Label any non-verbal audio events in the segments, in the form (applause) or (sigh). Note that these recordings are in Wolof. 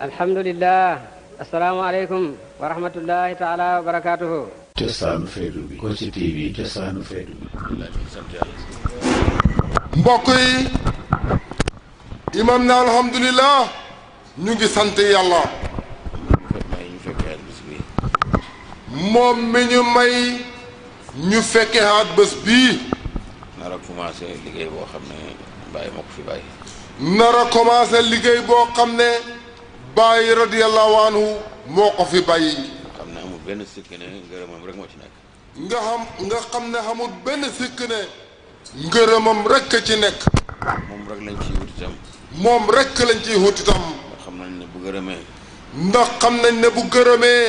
mbokk yi imam na alhamdulilah ñu ngi yàlla moom mi ñu may ñu fekke haat bés bii nar a liggéey boo xam ne bàyyi ma ko fi bàyyi liggéey boo xam ne bàyyi radiyallahu anhu moo ko fi bàyyi. xam ne amul benn sikk ne ngërëmam rek moo ci nekk. nga xam nga xam ne amul benn sikk ne ngërëmam rek a ci nekk. moom rek lañ ciy wut itam. moom rek lañ ciy wut itam. ndax xam nañ ne bu gërëmee. ndax xam nañ ne bu gërëmee.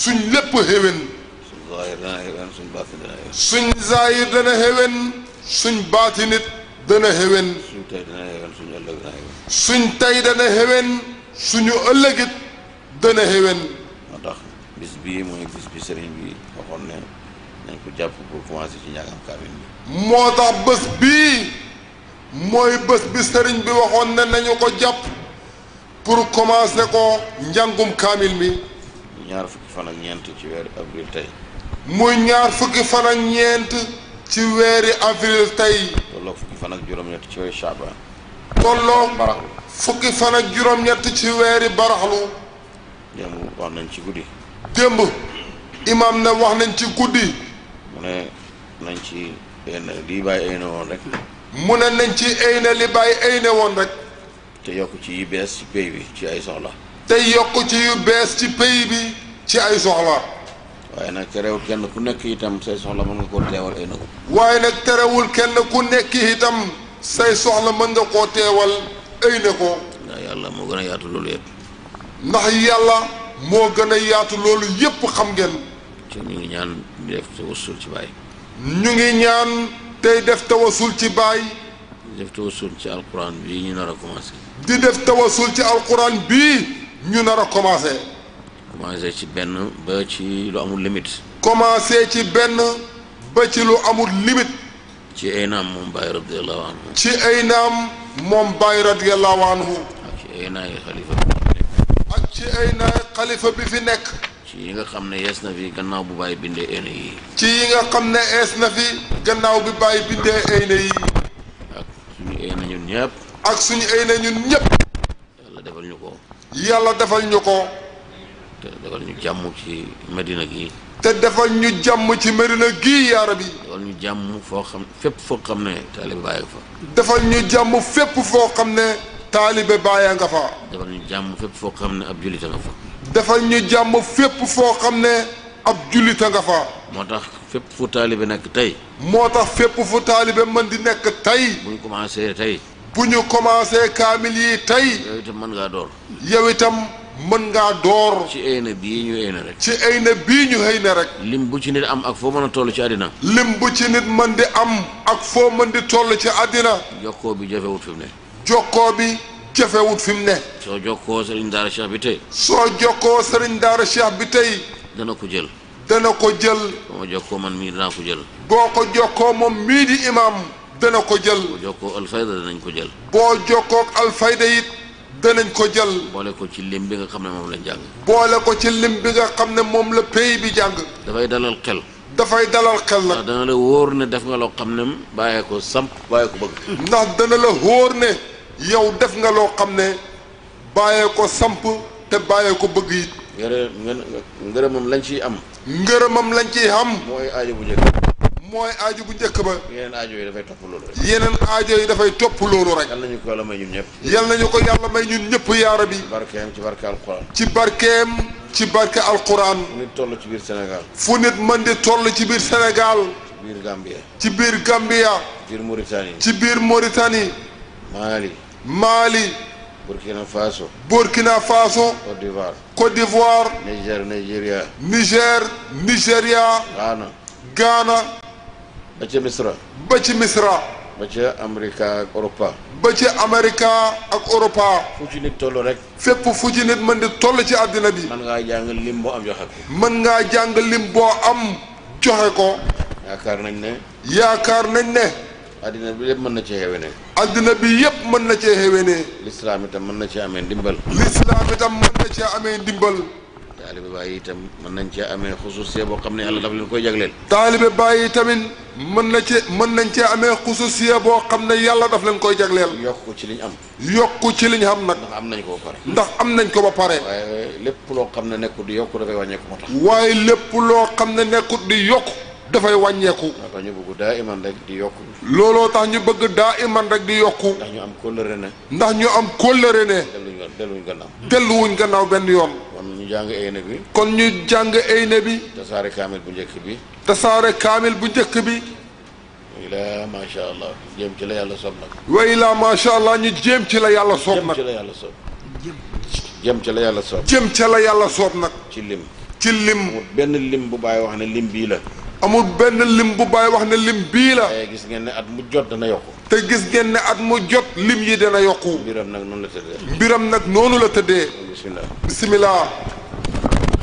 suñ lépp xéwén. suñ lépp xéwén. suñ zaahir dana xéwén suñ baatin dana xéwén. suñ zaahir dana xéwén. suñ baatinit dana xéwén. suñ tey dana xéwén suñ ëllëg dana xéwén. suñ tey dana xéwén suñu ëllëgit dana xéwén moo tax bis bii mooy bis sëriñ bi waxoon ne nañ ko jàpp pour commencer bi bés bii mooy bés bi sëriñ bi waxoon ne nañu ko jàpp pour commencer ko njàngum kaamil mi ñaar fukki fan ñeent ci weeri avril tey muy ñaar fukki fan ak ñeent ci weeri avril tey fan ak juróom ci weeri tolloo fukki fan ak juróom-ñett ci weeri baraxlu démb wax nañ ci guddi démb imaam na wax nañ ci guddi mu ne nañ ci ayna lii bàyyi woon rek mu ne nañ ci ayna li bàyyi ayna woon rek te yokk ci yu bees ci pay bi ci ay soxla te yokk ci yu bees ci pay bi ci ay soxla waaye nag terewul kenn ku nekk itam say soxla mën nga koo teewal ay nagu waaye nag terewul kenn ku nekk itam say soxla mën nga koo teewal ëy ne ko ndax yàlla moo gën a yaatu loolu yëpp ndax yàlla moo gën a yaatu loolu yëpp xam ngeen ci ñu ngi ñaan di def tawasul ci baay ñu ngi ñaan tey def tawasul ci baay di def tawasul ci alquran ñu nar a commencé di def tawasul ci alquran bi ñu nar a commencé commencé ci benn ba ci lu amul limite commencé ci benn ba ci lu amul limite ci ay naam moom Baye radiyallahu moom Baye radiyallahu anhu ci ay naay xalifa bi fi nekk ci ay xalifa bi fi nekk ci yi nga xam ne yees na fi gannaaw bu Baye bindee ayna yi ci yi nga xam ne ees na fi gannaaw bi Baye bindee ayna yi ak su ayna ñun ñëpp ñun ñëpp yàlla defal ñu ko yàlla defal ñu ko te defal ñu jàmm ci madina gi te defal ñu jàmm ci Medina gii yaa Rabbi. defal ñu jàmm foo xam fépp foo xam ne taalibe bàyyi nga fa. defal ñu jàmm fépp foo xam ne taalibe bàyyi nga fa. defal ñu jàmm fépp foo xam ne ab jullit nga fa. defal ñu jàmm fépp foo xam ne ab jullit nga fa. moo tax fépp fu taalibe nekk tey. moo tax fépp fu taalibe mën di nekk tey. bu ñu commencé tey. bu ñu commencé kaamil yi tey. yow itam mën ngaa door. yow itam. mën ngaa door. ci ay na bii ñu ay na rek. ci ay na bii ñu xëy na rek. lim bu ci nit am ak foo mën a toll ci àddina. lim bu ci nit mën di am. ak foo mën di toll ci àddina. jokkoo bi jafewut fi ne. jokkoo bi jafewut fi mu ne. soo jokkoo sëriñ daara cheikh bi tey. soo jokkoo sëriñ daara cheikh bi tey. dana ko jël. dana ko jël. boo ma jokkoo man mii dinaa jël. boo ko jokkoo moom mii di imaam. dana ko jël. boo jokkoo alfayda danañ ko jël. boo jokkoo alfayda it. danañ ko jël. boole ko ci lim bi nga xam ne moom lañ jàng. boole ko ci lim bi nga xam ne moom la pays bi jàng. dafay dalal xel. dafay dalal xel na ndax dana la wóor ne def nga loo xam ne bàyyee ko samp bàyyee ko bëgg. ndax dana la wóor ne yow def nga loo xam ne bàyyee ko samp te bàyyee ko bëgg it. ngërë ngërëmam lañ ciy am. ngërëmam lañ ciy am. mooy aajo bu mooy aajo bu njëkk ba. yeneen aajo yi dafay topp loolu rek. yeneen aajo yi dafay topp loolu rek. yal nañu ko yàlla may ñun ñëpp. yal nañu ko yàlla may yaara bi. ci barkeem ci barke alquran. ci barkeem ci barke alquran. fu nit toll ci biir senegal fu nit mën di toll ci biir Sénégal. ci biir Gambia. ci biir Gambia. ci biir ci biir Mauritanie. Mali. Mali. Burkina Faso. Burkina Faso. Côte d'Ivoire. Niger Nigeria. Nigeria. Ghana. Ghana. ba ci misra ba ci misra ba ci américa ak europa ba ci américa ak europa fu ci nit toll rek fépp fu ci nit mën di toll ci àddina bi mën ngaa jàng lim boo am joxe ko mën ngaa jàng lim boo am joxe ko yaakaar nañ ne yaakaar nañ ne addina bi yëpp mën na cee xewene addina bi yëpp mën na cee xewene lislaam itam mën na cee amee ndimbal lislaam itam mën na cee amee ndimbal taalibe bàyyi itam mën nañ cee amee xususiya boo xam ne yàlla daf leen koy jagleel taalibe bàyyi tamit mën na cee mën nañ cee amee xususiya boo xam ne yàlla daf leen koy jagleel yokku ci liñ am yokku ci liñ xam nag ndax am nañ ko ba pare ndax am nañ ko ba pare waaye lépp loo xam ne nekkut di yokku dafay wàññeeku waaye lépp loo xam ne nekkut di yokku dafay wàññeeku tax ñu bëgg daa iman rek di yokku looloo tax ñu bëgg daa iman rek di yokku ndax ñu am kóllëre ne ndax ñu am kóllëre ne delluwuñ gannaaw delluwuñ gannaaw benn yoon ñu jàng ayna bi kon ñu jàng ayna bi tasaare kaamil bu njëkk bi tasaare kaamil bu njëkk bi waylaa macha allah jéem ci la yàlla soob nag waylaa macha allah ñu jéem ci la yàlla soob nag jéem ci la yàlla soob jéem ci la yàlla soob jéem ci la yàlla soob nag ci lim ci lim amul benn lim bu bàyyi wax ne lim bii la amul benn lim bu bàyyi wax ne lim bii la waaye gis ngeen ne at mu jot dana yokk te gis ngeen ne at mu jot lim yi dana yokku. mbiram nag noonu la tëddee. mbiram nag noonu la tëddee. bisimilah. bisimilah.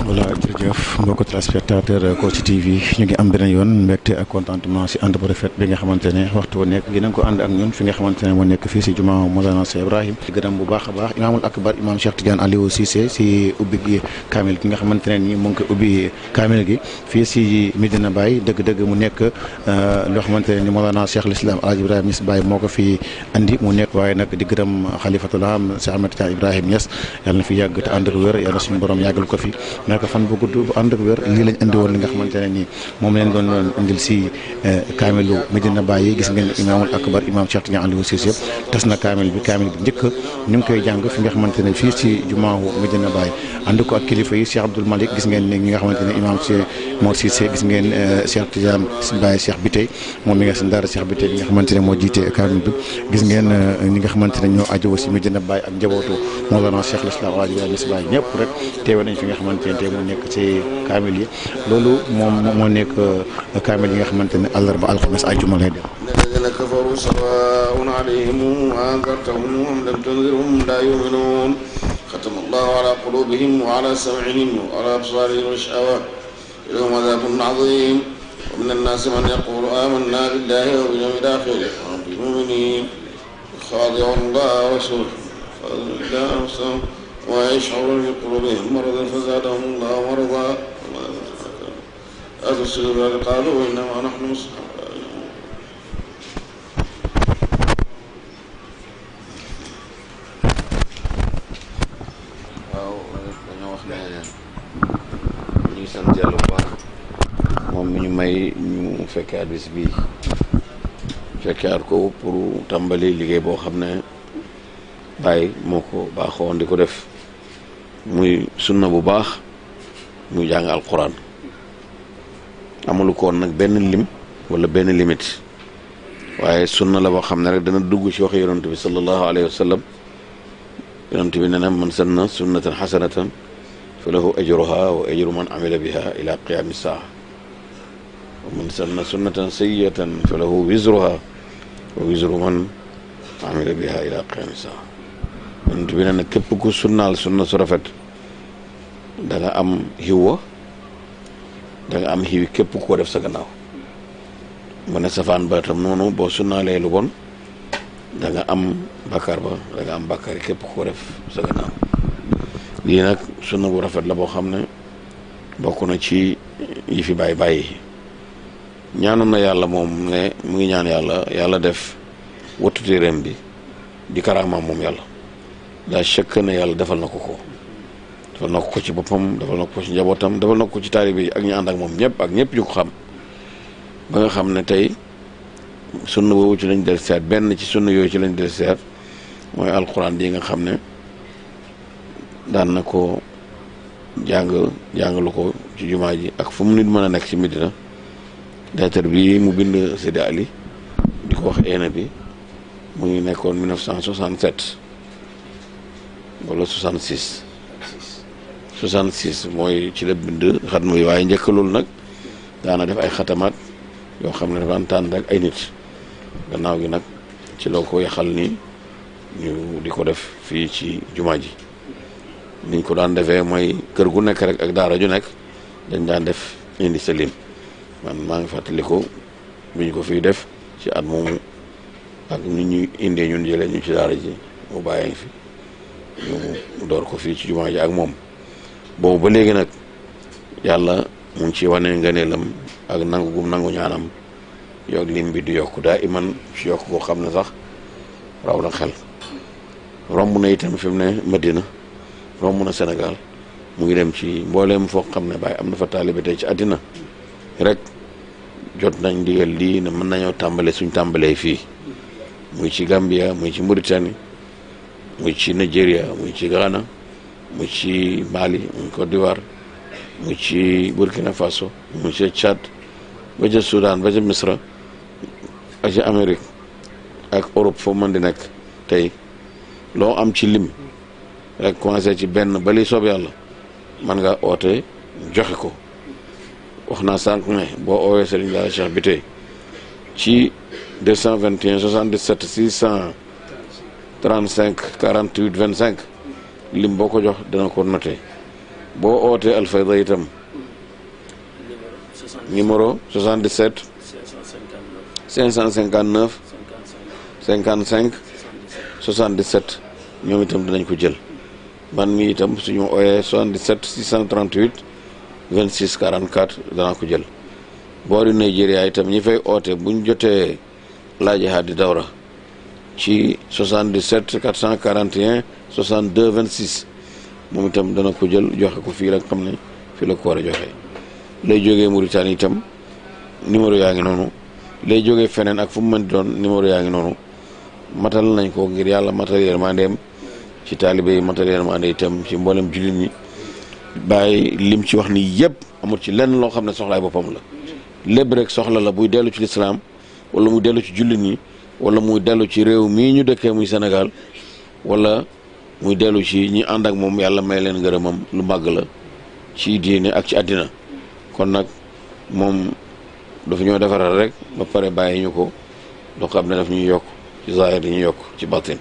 voilà jërëjëf mbokk téléspectateur Kossy TV ñu ngi am beneen yoon mbégte ak contentement si ànd bu rafet bi nga xamante ne waxtu nekk yéen a ngi ko ànd ak ñun fi nga xamante ne moo nekk fii si juma Mawlana Cheikh Ibrahim di gërëm bu baax a baax imaamul akbar imaam Cheikh Tidiane Aliou Cissé si ubbi gi kaamil gi nga xamante ne nii mu ngi ko ubbi kaamil gi fii si Medina Baye dëgg-dëgg mu nekk euh, loo xamante ne ni Mawlana Cheikh l'Islam Alhaji Ibrahima Niass Baye moo ko fi indi mu nekk waaye nag di gërëm xalifatul am Cheikh Ahmed Tidiane Ibrahima Niass yàlla fi yàgg te ànd ak wér yàlla suñu borom yàggal ko fi may ko fan bu gudd bu ànd ak wér lii lañ indi woon li nga xamante ne nii moom leen doon doon indil si eh, kaamilu Medina Baye gis ngeen ne fii si jumaahu Medina Baye ànd ko ak kilifa yi Cheikh Abdoul Malick gis ngeen ni ñi nga xamante ne imaam si Mor Cissé gis ngeen eh, Cheikh Tidiane Baye bi tey moom mi nga seen daara Cheikh bi tey bi nga xamante ne moo jiite kaamil bi gis ngeen eh, ñi nga xamante ne ñoo ajowoo si Medina Baye ak njabootu Mawlana Cheikh Lislam Alaaji Baye ñëpp rek teewe te كفروا سواء عليهم أنذرتهم أم لم تنذرهم لا يؤمنون ختم الله على قلوبهم وعلى سمعهم وعلى أبصارهم غشاوة لهم عذاب عظيم ومن الناس من يقول آمنا بالله وباليوم الآخر وهم بمؤمنين خاضع الله ورسوله خاضع الله ورسوله ويشعر في قلوبهم مرضا فزادهم الله مرضا أتصل ذلك قالوا إنما نحن مسلمون sant yàlla bu baax moom mi ñu may ñu fekkaat bis bii fekkaat ko pour tàmbali liggéey boo xam ne bàyyi moo ko baaxoon di ko def muy sunna bu baax muy jàng alquran amulu koon nag benn lim wala benn limite waaye sunna la boo xam ne rek dana dugg ci waxi yonent bi sallallahu alayhi wa sallam yonent bi nee na man sanna sunnatan xasanatan fa lahu ajruha wa ajru man amila biha ila qiyaami saa wa man sanna sunnatan sayyiatan fa lahu wizruha wa wizru man amila biha ila qiyaami saa yonent bi nee képp ku sunnaal sunna su rafet danga am xiw wa da nga am xiwi képp koo def sa gannaaw mu ne safaan ba tam noonu boo sunnaalee lu bon danga am bakkaar ba da nga am bakkaar képp koo def sa gannaaw lii nag sunna bu rafet la boo xam ne bokk na ci yi fi bàyyi bàyyi ñaanoon na yàlla moom ne mu ngi ñaan yàlla yàlla def wattu téereem bi di karaamaam moom yàlla daa chëkk ne yàlla defal na ko ko defal na ko ko ci boppam defal na ko ko ci njabootam defal na ko ko ci taalibe yi ak ñu ànd ak moom ñëpp ak ñëpp ñu ko xam ba nga xam ne tey sunna woowu ci lañ del seet benn ci sunna yooyu ci lañ del seet mooy alxuraan yi nga xam ne daan na ko jàng jàngalu ko ci jumaa ji ak fu mu nit mën a nekk ci Medina lettre bi mu bind Seydi Ali di ko wax eena bi mu ngi nekkoon 1967 wala 66. 66 mooy ci la bind xat mooy waaye njëkk loolu nag daana def ay xatamaat yoo xam ne dafa ànd ak ay nit gannaaw gi nag ci loo ko yaxal ni ñu di ko def fii ci jumaa ji niñ ko daan defee mooy kër gu nekk rek ak daara ju nekk dañ daan def indi sa lim man maa ngi fàttaliku bi ñu ko fii def ci at moomu ak nit ñu indee ñun ñu ci daara ji mu bàyyi fi. ñu door ko fii ci jumaa ji ak moom boobu ba léegi nag yàlla mu ngi ci wane ngëneelam ak nangu gum nangu ñaanam yokk lim bi di yokk daa iman ci yokk koo xam ne sax raw na xel romb na itam fi ne Madina romb na senegal mu ngi dem ci mbooleem foo xam ne Baay am na fa taalibe tey ci àddina rek jot nañ ndigal lii ne mën nañoo tàmbale suñ tàmbalee fii muy ci Gambia muy ci Mauritanie muy ci Nigeria muy ci Ghana mu ci Mali mu Côte d'Ivoire mu ci Burkina Faso mu ci Tchad ba ca Soudan ba ca Misra ak Europe foo mën di nekk tey loo am ci lim rek commencé ci benn ba soob yàlla mën nga oote joxe ko wax naa sànq ne boo oowee Serigne Daara Cheikh bi tey ci 221 77 35 vingt 25 lim boo ko jox dana ko noté boo ootee Alfayda itam numéro 77 559 55 77 ñoom itam dinañ ko jël man mi itam suñu ooyee 77 638 26 44 danaa ko jël boori Nigeria itam ñi fay oote buñ jotee laaji di dawra ci 77 441 62 26 moom itam dana ko jël joxe ko fii la nga xam ne fii la ko a joxe lay jógee Mauritanie itam numéro yaa ngi noonu lay jógee feneen ak fu mu mën doon numéro yaa ngi noonu matal nañ ko ngir yàlla matal yërmandeem ci taalibe yi matal yërmande itam ci mboolem jullit ñi bàyyi lim ci wax ni yëpp amul ci lenn loo xam ne soxlaay boppam la lépp rek soxla la buy dellu ci lislaam walla mu dellu ci jullit yi wala muy dellu ci réew mii ñu dëkkee muy senegal walla muy dellu ci ñi ànd ak moom yàlla may leen ngërëmam lu màgg la ci diine ak ci àddina kon nag moom dafa ñoo defaral rek ba pare bàyyi ñu ko loo xam ne daf ñuy yokk ci zahir dañuy yokk ci batin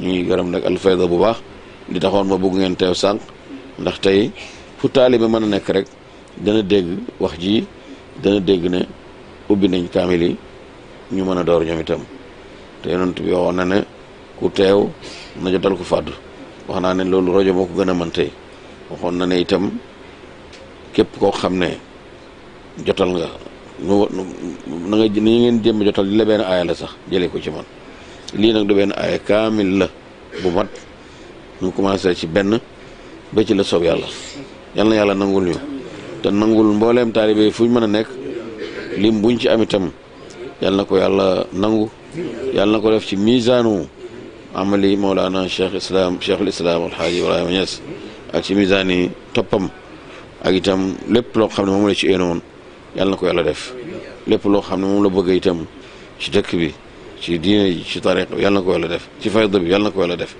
ñu ngi gërëm nag alfayda bu baax li taxoon ma bëgg ngeen teew sànq ndax tey fu taalibe mën a nekk rek dana dégg wax ji dana dégg ne ubbi nañ kaamil yi ñu mën a door ñoom itam te yonent bi waxoon na ne ku teew na jotal ku fàddu wax naa ne loolu rajo moo ko gën a mën tey waxoon na ne itam képp koo xam ne jotal nga nu na nga ni ngeen jéem jotal li la benn aaya sax jëlee ko ci man lii nag du benn aaya kaamil la bu mat ñu commencé ci benn ba ci la soob yàlla yal na yàlla nangul ñu te nangul mbooleem taalibe fu ñu mën a nekk lim buñ ci am itam yal na ko yàlla nangu yàlla na ko def ci misaanu amali Mawlana Cheikh Islam Cheikhul Islam Alxaaji Ibrahima Niass ak ci misaani toppam ak itam lépp loo xam ne moom la ci eenoon yàlla na ko yàlla def lépp loo xam ne moom la bëgg itam ci dëkk bi ci diine ji ci tariq bi yàlla na ko yàlla def ci fayda bi yàlla na ko yàlla def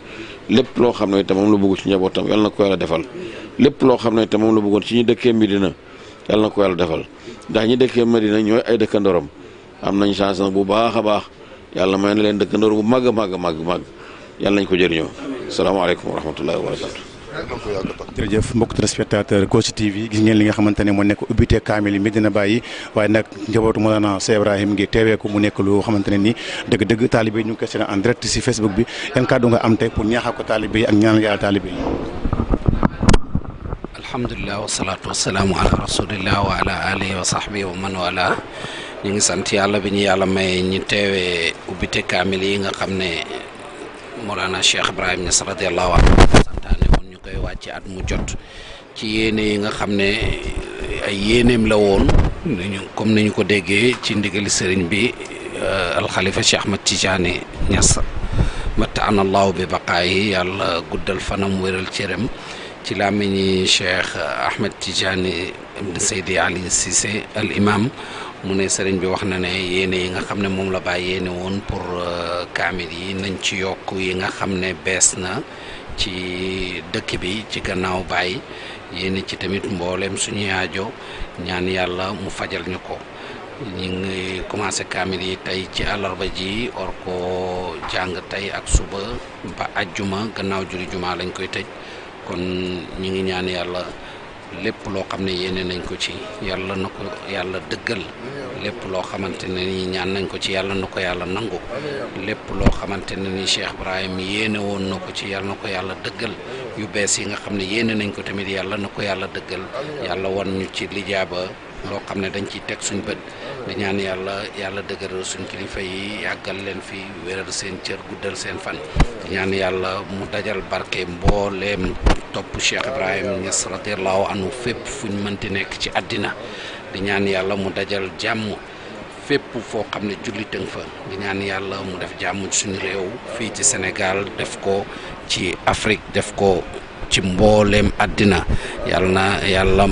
lépp loo xam ne itam moom la bëgg ci njabootam yàlla na ko yàlla defal lépp loo xam ne itam moom la bëggoon ci ñi dëkkee Medina yàlla na ko yàlla defal ndax ñi dëkkee Medina ñooy ay dëkkandorom am nañu chance nag bu baax a baax yàlla may na leen dëkkandoor bu màgg a màgg màgg màgg yàlla nañ ko jëriñoo salaamaaleykum wa rahmatullahi wa barakatu jërëjëf mbokk téléspectateur Kossy TV gis ngeen li nga xamante ne moo nekk ubbite kaamil yi Medina Baye waaye nag njabootu Mawlana Cheikh Ibrahim ngi teewee ko mu nekk lu xamante ne nii dëgg-dëgg taalibe yi ñu ngi ko seen en direct si Facebook bi yan kàddu nga am tey pour ñaaxal ko taalibe yi ak ñaan yàlla taalibe yi alhamdulilah wasalaatu wasalaamu ala rasulillah wa ala alihi wa sahbihi wa man wala ñu ngi sant yàlla bi ñu yàlla may ñu teewee ubbite kaamil yi nga xam ne Mawlana Cheikh Ibrahim Niass radiyallahu anhu santaane woon ñu koy wàcc at mu jot ci yéene yi nga xam ne ay yéeneem la woon comme ni ko déggee ci ndigali sëriñ bi euh, alxalifa Cheikh Ahmad Tidiane Niass mattaana allahu bi baqaayi yàlla guddal fanam wéral cëram ci làmmiñi Cheikh Ahmed Tidiane ibn Ali Cissé al imam mu ne sëriñ bi wax na ne yéene yi nga xam ne moom la bàyyi yéene woon pour euh, kaamil yi nañ ci yokk yi nga xam ne bees na ci dëkk bi ci gannaaw bàyyi yéene ci tamit mbooleem suñu aajo ñaan yàlla mu fajal ñu ko ñu ngi commencé kaamil yi tey ci àllarba ji or ko jàng tey ak suba ba ajjuma gannaaw julli juma lañ koy tëj kon ñu ngi ñaan yàlla lépp loo xam ne yéene nañ ko ci yàlla na ko yàlla dëggal lépp loo xamante ne ni ñaan nañ ko ci yàlla na ko yàlla nangu lépp loo xamante ne ni Cheikh Ibrahim yéene woon na ko ci yàlla na ko yàlla dëggal yu bees yi nga xam ne yéene nañ ko tamit yàlla na ko yàlla dëggal yàlla ñu ci lijaaba loo xam ne dañ ci teg suñ bët di yàlla yàlla dëgëral suñ kilifa yi yàggal leen fi wéral seen cër guddal seen fan di ñaan yàlla mu dajal barke mbooleem topp Cheikh Ibrahima Niass radiallahu anhu fépp fuñ mënti nekk ci àddina di yàlla mu dajal jàmm fépp foo xam ne julli tëng fa di yàlla mu def jàmm ci suñu réew fii ci Sénégal def ko ci Afrique def ko ci mbooleem àddina yàlla na yàlla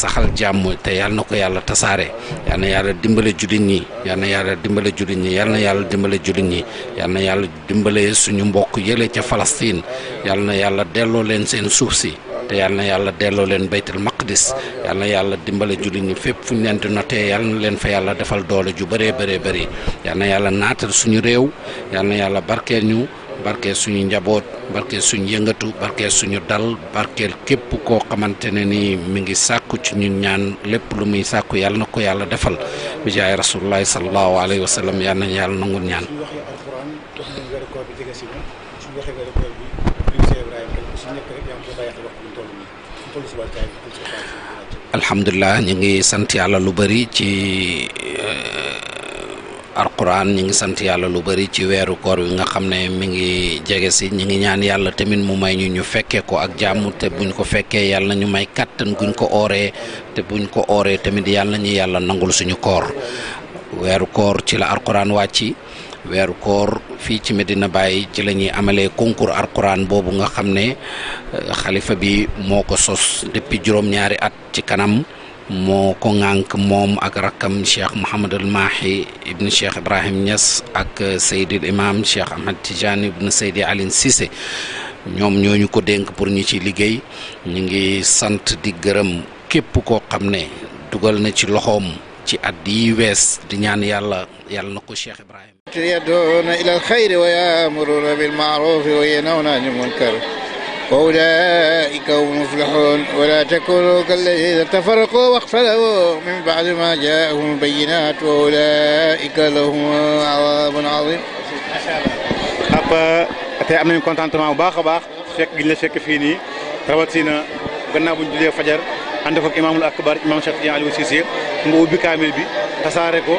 saxal jàmm te yàlla na ko yàlla tasaare yàlla na yàlla dimbale jullit ñi yàlla na yàlla dimbale jullit ñi yàlla na yàlla dimbale jullit ñi yàlla na yàlla dimbale suñu mbokk yële ca Palestine yàlla na yàlla delloo leen seen suuf si te yàlla na yàlla delloo leen baytal maqdis yàlla na yàlla dimbale jullit ñi fépp fu ñu leen di notee yàlla na leen fa yàlla defal doole ju bëree bëree bëri yàlla na yàlla naatal suñu réew yàlla na yàlla barkeel barke suñu njaboot barke suñu yëngatu barke suñu dal barkeel képp koo xamante ne ni mi ngi sàkku ci ñun ñaan lépp lu muy sàkku yàlla na ko yàlla defal bi jaay rasulullahi salallahu alayhi wasallam yàlla nañ yàlla nangul ñaan alhamdulillah ñu ngi sant yàlla lu bari ci alquran ñi ngi sant yàlla lu bari ci weeru koor wi nga xam ne mi ngi jege si ñi ngi ñaan yàlla tamit mu may ñu ñu fekkee ko ak jàmm te buñ ko fekkee yàlla ñu may kàttan guñ ko ooree te buñ ko ooree tamit yàlla ñu yàlla nangul suñu koor weeru koor ci la alquran wàcci weeru koor fii ci Medina bàyyi ci la ñuy amalee concours alquran boobu nga xam ne xalifa bi moo ko sos depuis juróom-ñaari at ci kanam moo ko ŋànk moom ak rakkam cheikh Mouhamadul Mahi ibn cheikh Ibrahim Niass ak Seydil Imam cheikh Ahmad Tidiane ibn Seydi Aline Cissé ñoom ñooñu ko dénk pour ñu ci liggéey ñu ngi sant di gërëm képp koo xam ne dugal na ci loxoom ci at yi wees di ñaan yàlla yàlla na ko cheikh Ibrahim yadduuna ila alxayri wa yaamuruuna bilmaarufi wa yanhawna anil munkar وأولئك هم المفلحون ولا تكونوا كالذين تفرقوا واختلفوا من بعد ما جاءهم البينات وأولئك لهم عذاب عظيم. أبا تأمين كونتان تماما باخ باخ شك جل شك فيني رواتينا غنا بن جلي فجر عندك إمام الأكبر إمام شافعي علي وسيسير مو بي بي تساركو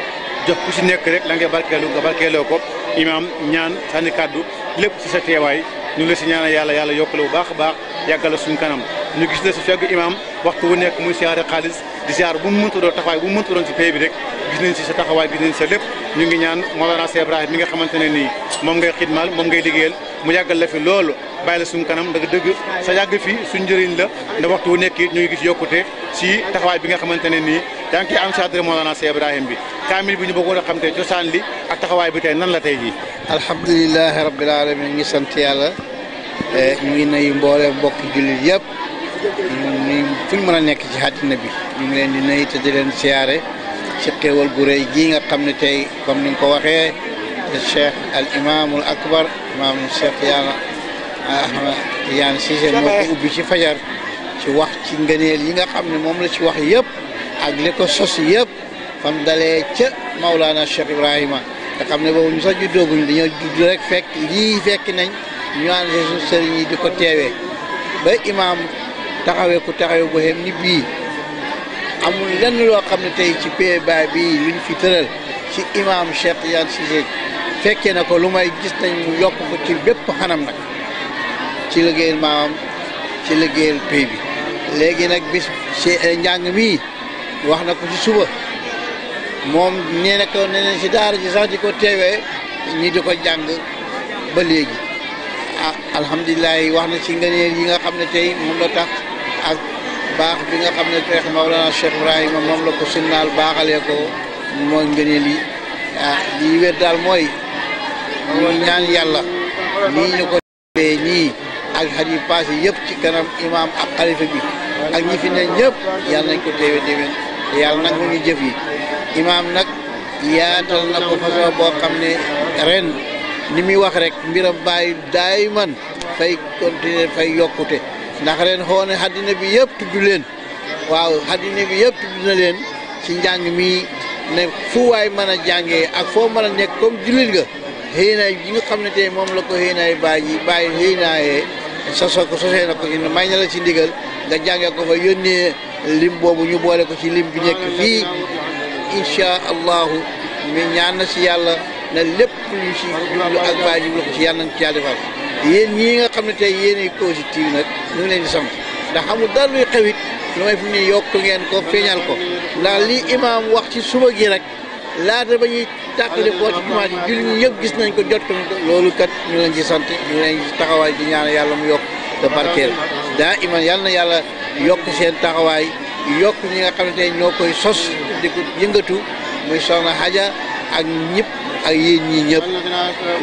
جو كوشي نيك ريك لانجي باركيلو باركيلو كو إمام نيان ساني كادو لب سيسير تيواي ñu ngi la si ñaanal yàlla yàlla yokk bu baax a baax yàggal suñ kanam ñu gis la si fegg imaam waxtu wu nekk muy siyaare xaalis di ziar bu mu mënta doon taxawaay bu mu mënta doon ci pays bi rek gis nañ si sa taxawaay gis nañ sa lépp ñu ngi ñaan Mawlana Cheikh Ibrahim mi nga xamante nii moom ngay xidmaal moom ngay liggéeyal mu yàggal la fi loolu bàyyi la suñu kanam dëgg dëgg sa yàgg fi su njëriñ la nda waxtu wu nekk ñu ngi gis yokkute si taxawaay bi nga xamante ne nii yaa ngi koy encadré Mawlana Cheikh Ibrahim bi kaamil bi ñu bëggoon a xam tey cosaan li ak taxawaay bi tey nan la tey jii alhamdulilahi rabbil alamin ngi sant yàlla eh, ñu ngi nuyu mboolem mbokk jullit yëpp ñu mm, fu ñu mën a nekk ci àddina bi ñu ngi leen di nuyu te di leen siyaare ci xéewal gu rëy gii nga xam ne tey comme ni ko waxee cheikh al imaamul akbar imaam cheikh yaana ahmad yaan ubbi ci fajar ci wax ci ngëneel yi nga xam ne moom la ci wax yëpp ak li ko sos yëpp fam dalee ca Maulana Cheikh Ibrahima nga xam ne boobu ñu sax juddooguñ dañoo judd rek fekk lii fekk nañ ñu ànd suñu sëriñ yi di ko teewee ba imaam taxawee ku taxawee bu xem amul lenn loo xam ne tey ci pay baay bii luñ fi tëral ci imaam Cheikh Tidiane Cissé fekkee na ko lu may gis nañ mu yokk ko ci bépp xanam nag ci liggéeyal maamam ci liggéeyal pay bi léegi nag bis ci njàng mi wax na ko ci suba moom nee na ko nee na daara ji sax di ko teewee ñi di ko jàng ba léegi ah alhamdulilah wax na ci ngëneel yi nga xam ne tey moom la tax ak baax bi nga xam ne Cheikh Maulana Cheikh Ibrahima moom la ko sunnaal baaxalee ko mooy ngëneel yi ah, lii wér daal mooy ñu ñaan yàlla nii ñu ko defee nii ak xar yi passé yëpp ci kanam imaam ak xalifa bi ak ñi fi ne ñëpp yàlla nañ ko teewe déwén yàlla nag mu ñu jëf yi imaam nag yaatal na ko façon boo xam ne ren ni muy wax rek mbiram bàyyi daay man fay continuer fay yokkute ndax ren xoo ne àddina bi yëpp tudd leen waaw àddina bi yëpp tudd na leen ci njàng mi ne fu waay mën a jàngee ak foo mën a nekk comme jullit nga xëy na nga xam ne tey moom la ko xëy naay bàyyi bàyyi xëy naayee sosoo ko sosee na ko ñu may na la ci ndigal nga jàngee ko fa yónnee lim boobu ñu boole ko ci lim bi nekk fii incha allahu mi ñaan na si yàlla ne lépp lu si jublu ak bàyyi jublu ko si yàlla nañ ci yàlla yéen ñi nga xam ne tey yéenay positif nag ñu ngi leen di sant ndax amul dara luy xewit lu may fi mu yokk ngeen ko feeñal ko ndax lii imaam wax ci suba gi rek laata ba ñuy tàqale ko ci jumaa ji julli ñi ñëpp gis nañ ko jot ko loolu kat ñu leen ci sant ñu leen ci taxawaay di ñaan yàlla mu yokk te barkeel daa imaam yal na yàlla yokk seen taxawaay yokk ñi nga xam ne tey ñoo koy sos di ko yëngatu muy soxna Haja ak ñëpp ak yéen ñii ñëpp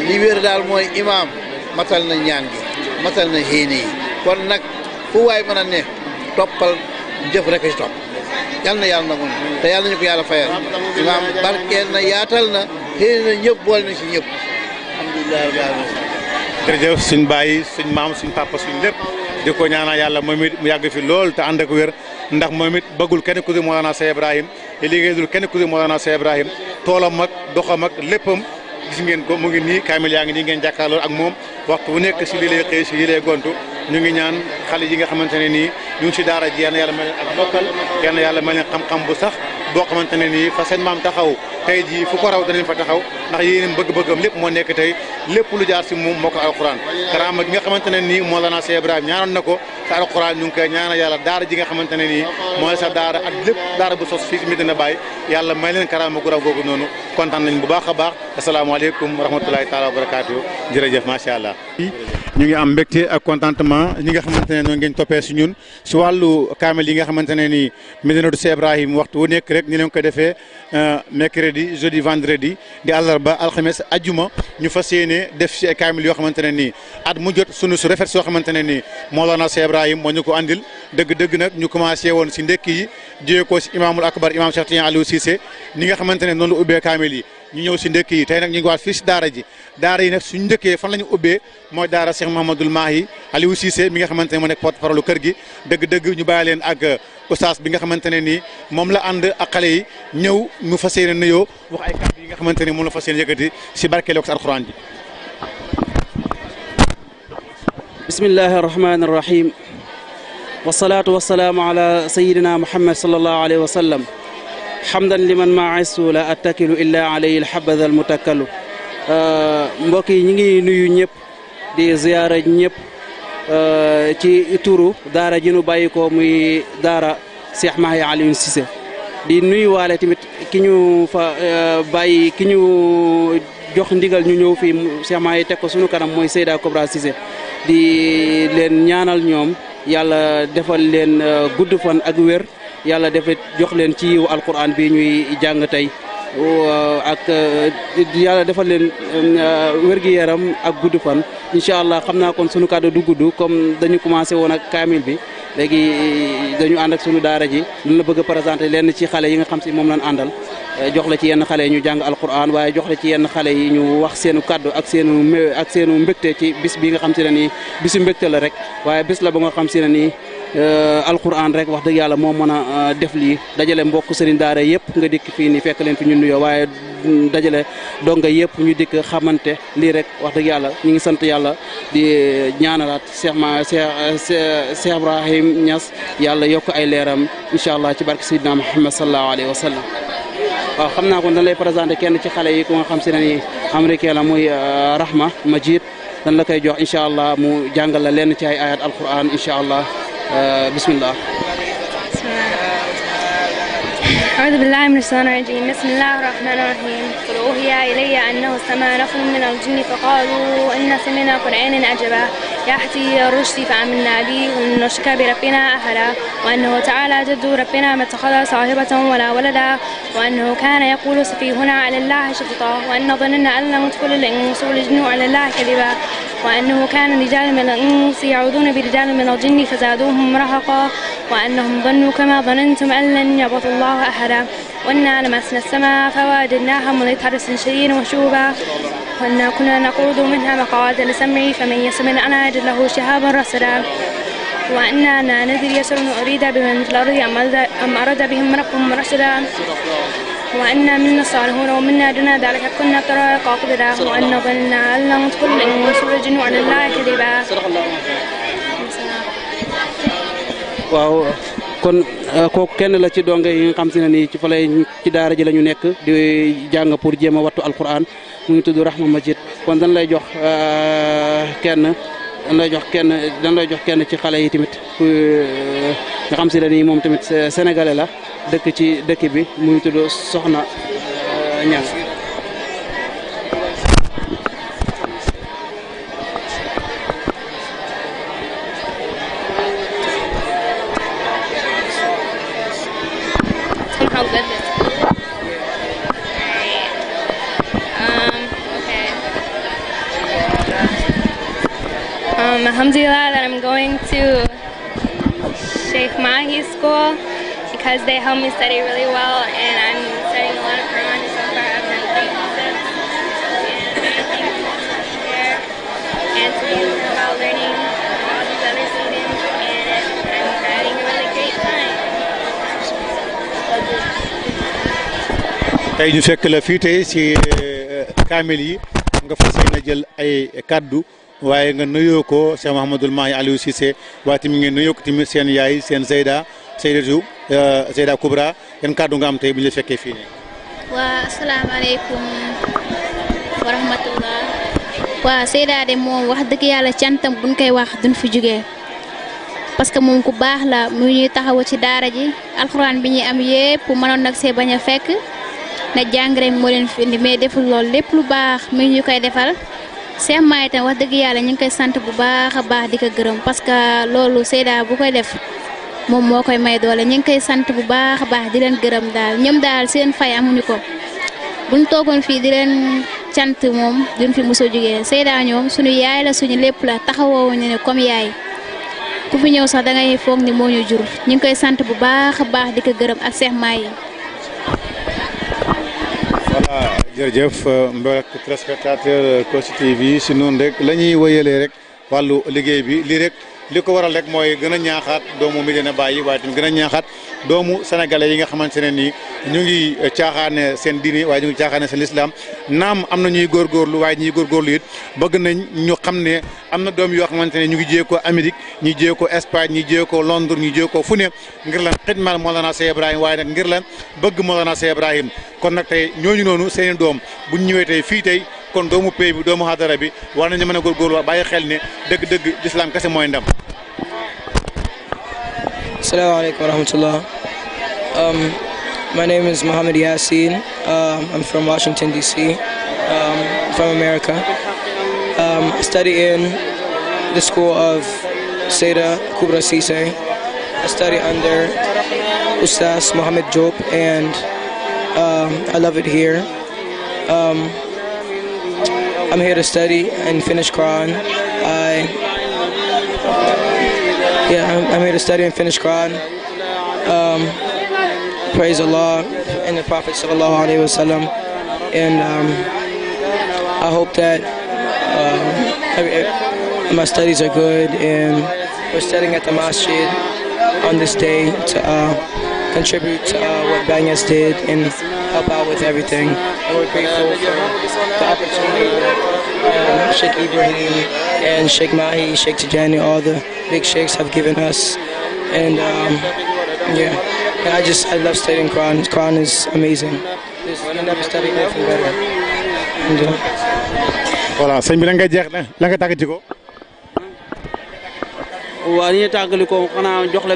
li daal mooy imaam matal na ñaan gi matal na xéene yi kon nag fu waay mën a ne toppal jëf rek ci topp yal na yàlla nangu te yàlla ñu ko yàlla fayal maam barkeel na yaatal na xéene ñëpp boole na ci ñëpp alhamdulilah rabbil suñ bàyyi suñ maam suñ papa suñ lépp di ko ñaanal yàlla moom it mu yàgg fi lool te ànd ak wér ndax moom it bëggul kenn ku dul Mawlana Cheikh Ibrahim te liggéey dul kenn ku dul Mawlana Cheikh Ibrahim toolam ak doxam ak léppam gis ngeen ko mu ngi nii kaamil yaa ngi nii ngeen jàkkaarloo ak moom waxtu bu nekk si lii lay xëy si lii lay ñu ngi ñaan xale yi nga xamante ne nii ñu si daara ji yàlla yàlla may leen ak bokkal yàlla yàlla may leen xam-xam bu sax boo xamante ne nii fa seen maam taxaw tey jii fu ko raw danañ fa taxaw ndax yéen bëgg-bëggam lépp moo nekk tey lépp lu jaar si moom moo ko alxuraan a gi nga xamante ne nii moo la naa Cheikh Ibrahima ñaanoon ko sa alquran ñu ngi koy ñaanal yàlla daara ji nga xamante ne nii mooy sa daara ak lépp daara bu sos fii Medina Baye yàlla may leen karaama gu raw googu noonu kontaan nañ bu baax a baax asalaamaaleykum wa rahmatulahi taala wa barakaatu jërëjëf macha allah ñu ngi am mbégte ak contentement ñi nga xamantene ne ngi topé ci ñun ci walu kamel yi nga xamantene ni medina Cheikh Ibrahim waxtu wu nek rek ñu leen ko defee mercredi jeudi vendredi di àllarba alxames aljuma ñu fassiyene def ci kamel yo xamantene ni at mu jot sunu su refet so xamantene ni molana Mawlana Cheikh Ibrahim moo ñu ko andil deug deug nak ñu commencé won ci ndek yi jiyee ko ci imamul akbar imam Cheikh Tidiane Aliou Cissé ñi nga xamantene non lu ubbee kamel yi ñu ñëw si ndëkk yi tey nag ñu ngi waat fii daara ji daara yi nag suñu ndëkkee fan la ñu ubbee mooy daara Cheikh Mouhamadoul Mahi Aliou Cissé mi nga xamante ne moo nekk porte parole kër gi dëgg-dëgg ñu bàyyi leen ak euh, oustaz bi nga xamante ne nii moom la ànd ak xale yi ñëw mu fas yéene nuyoo wax ay kàddu yi nga xamante ne moom la fas yéene yëkkati si barkeeloo si alxuraan ji bismillahi arrahmani arrahim wasalaatu wasalaamu ala sayidina muhammad sallallahu alayhi wa xamdan liman ma astu la attakilu illaa alayhi alxabada almutakalu euh, mbokk yi ñi ngi nuyu ñëpp di ziyaara ñëpp euh, ci turu daara jinu nu ko muy daara Cheikh Mahia Alioune Cissé di nuyu waale tamit ki ñu fa euh, bàyyi ki ñu jox ndigal ñu ñëw fii Cheikh Mahia teg ko sunu kanam mooy Seyda Kobra Cissé di leen ñaanal ñoom yàlla defal leen gudd fan ak wér yàlla defit jox leen ci yiw alquran bi ñuy jàng tey ak euh, yàlla defal leen euh, wér-gi-yaram ak gudd fan incha allah xam naa kon sunu kàddu du gudd comme dañu commencé woon ak kaamil bi léegi euh, dañu ànd ak sunu daara ji lu la bëgg a présenté leen ci xale yi nga xam si moom lañ àndal jox la ci yenn xale yi ñu jàng alquran waaye jox la ci yenn xale yi ñu wax seenu kàddu ak seenu ak seenu mbégte ci bis bi nga xam si ne nii bisu mbégte la rek waaye bis la ba nga xam si nii Euh, alquran rek wax dëgg yàlla moo mën a euh, def lii dajale mbokk sëriñ daara yëpp nga dikk fii nii fekk leen fi ñu nuyoo waaye dajale donga yëpp ñu dikk xamante lii rek wax dëgg yàlla ñu ngi sant yàlla di euh, ñaanalaat Cheikh ma Cheikh yàlla yokk ay leeram incha allah ci barke Seydina Muhammad sallallahu alayhi wa xam naa ko dañ lay présenté kenn ci xale yi ku nga xam si ne nii américain la muy Rahma Majid dañ la koy jox incha allah mu jàngal la lenn ci ay ayat alquran incha allah. آه، بسم الله أعوذ بالله من الشيطان الرجيم بسم الله الرحمن الرحيم قل أوحي إلي أنه استمع نفر من الجن فقالوا إن سمعنا قرآنا عجبا يأتي رشدي فآمنا لي ونشكى بربنا أهلا وأنه تعالى جد ربنا ما اتخذ صاحبة ولا ولدا وأنه كان يقول سفيهنا على الله شططا وأن ظننا أن لم تدخل الإنس والجن على الله كذبا وأنه كان رجال من الإنس يعوذون برجال من الجن فزادوهم رهقا وأنهم ظنوا كما ظننتم أن لن يبط الله أحدا وأنا لمسنا السماء فواجدناها مليت حرس شديد وشوبا وأنا كنا نقود منها مقاعد لسمعي فمن يسمع أنا أجد له شهابا رصدا وأنا لا ندري يسر أريد بمن في الأرض أم أراد بهم ربهم رشدا وأنا منا الصالحون ومنا دون ذلك كنا طرائق قدرا وأن ظننا أن لم ندخل سر الجن وعلى الله كذبا waaw kon eh, kok kenn la ci dongay yi nga xam si ne ci fale ci daara ji lañu di jàng pour jéem a wattu alquran mu ngi tudd Rahma Majid kon dan lay jox eh, kenn dañ lay jox kenn dañ lay jox kenn ci xale yi tamit eh, nga xam si ne nii moom tamit sénégalais la dëkk ci dëkk bi mu ngi tudd Soxna alhamdulillah that I'm going to Sheikh Mahi School because they help me study really well and I'm studying a lot of Quran so far. I've done three concepts and to be about learning all these other students and I'm having a really great time. tey ñu fekk la fii tey ci eh, kaamil yi nga fas yéene jël ay kaddu waye nga nuyo ko Cheikh Mouhamadul Mahi Aliou Cissé wati mi ngi nuyo ko tamit seen yaay seen Zeyda Seydatu euh, Zeyda Kubra en kaddu nga am tay bu fekke fi ni wa assalamu alaykum wa rahmatullah wa Seyda de mo wax deug yalla ciantam buñ koy wax duñ fi jugge parce que mom ku bax la mu ñuy taxaw ci daara ji alcorane biñu am yépp mënoon nak see baña fekk na jàng mo len fi indi mais deful lol lepp lu bax mu ñu koy defal. Cheikh Mahi tam wax dëgg yàlla ñu ngi koy sant bu baax a baax di ko gërëm parce que loolu Seyda bu koy def moom moo koy may doole ñu ngi koy sant bu baax a baax di leen gërëm daal ñoom daal seen fay amuñu ko buñ toogoon fii di leen cant moom duñ fi mos jugee Seyda suñu yaay la suñu lépp la taxawoo ñu ne comme yaay ku fi ñëw sax da foog ni moo jur ñu ngi koy sant bu baax a baax di ko gërëm ak Cheikh Mahi yi. jërëjëf euh, mbokk téléspectateur euh, Kossy TV si noonu rek la ñuy wéyalee rek wàllu liggéey bi lii rek li ko waral rek mooy gën a ñaaxaat doomu Médina Baye waaye tamit gën a ñaaxaat doomu sénégalais yi nga xamante ne nii ñu ngi caaxaane seen diini waaye ñu ngi caaxaane seen lislaam naam am na ñuy góorgóorlu waaye ñuy góorgóorlu it bëgg nañ ñu xam ne am na doom yoo xamante ne ñu ngi jiyee ko Amérique ñu jiyee ko Espagne ñu jiyee ko Londres ñu jiyee ko fu ne ngir lan xidmaal Mawlana Sey Ibrahim waaye nag ngir lan bëgg Mawlana Sey Ibrahim kon nag tey ñooñu noonu seen i doom buñ ñëwee tey fii tey kon doomu bi doomu bi war nañu xel ne ndam. Assalamualaikum warahmatullah. Um, my name is Mohammed Yasin. Um, I'm from Washington D.C. Um, from America. Um, I study in the school of Seda Kubra Sise. I study under Ustaz Mohammed Job, and um, I love it here. Um, I'm here to study and finish Quran. I yeah, I'm, I'm here to study and finish Quran. Um, praise Allah and the Prophet sallallahu alaihi wasallam, and um, I hope that um, my studies are good and we're studying at the masjid on this day to uh, contribute to uh, what Banyas did and help out with everything. And we're grateful for the opportunity with um, Sheikh Ibrahim and Sheikh Mahi, Sheikh Tijani, all the big sheikhs have given us. And um, yeah, and I just, I love studying Quran. Quran is amazing. never study anything better. And, uh, sëñ bi jeex la nga ko. ko jox la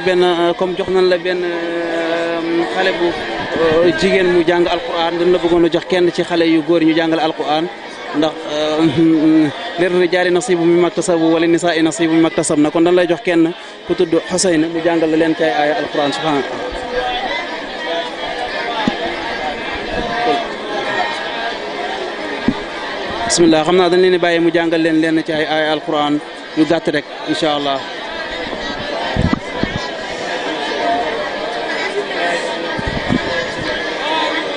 comme jox nañ la euh, xale bu Euh, jigéen mu jàng dan la bëggoon a jox kenn ci xale yu góor ñu jàngal al alquran ndax euh, (laughs) lir rijaali nasibu mimma iktasabu wala nisaa'i nasibu mimma iktasabna kon dañ lay jox kenn ku tudd Xuseyna mu jàngal la leen cay aaya alquran subhanallah bismillah xam naa dañ leen di bàyyi mu jàngal leen leen ci ay aaya alquran yu gàtt rek incha allah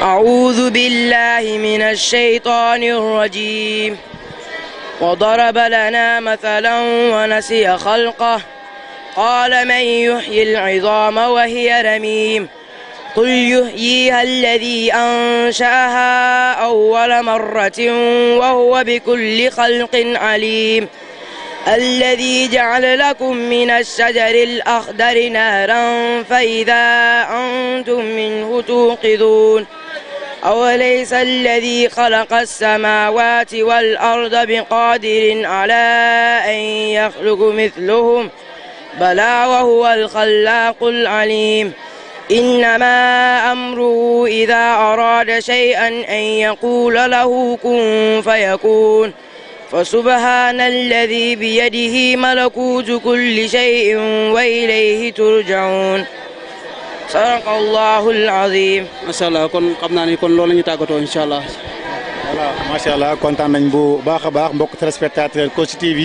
أعوذ بالله من الشيطان الرجيم وضرب لنا مثلا ونسي خلقه قال من يحيي العظام وهي رميم قل يحييها الذي أنشأها أول مرة وهو بكل خلق عليم الذي جعل لكم من الشجر الأخضر نارا فإذا أنتم منه توقظون أوليس الذي خلق السماوات والأرض بقادر على أن يخلق مثلهم بلى وهو الخلاق العليم إنما أمره إذا أراد شيئا أن يقول له كن فيكون فسبحان الذي بيده ملكوت كل شيء وإليه ترجعون sadaqallahu Allahul macha allah kon xamna ni kon lolou lañu tagato inshallah voilà nañ bu baakha baax mbok téléspectateur Kossy TV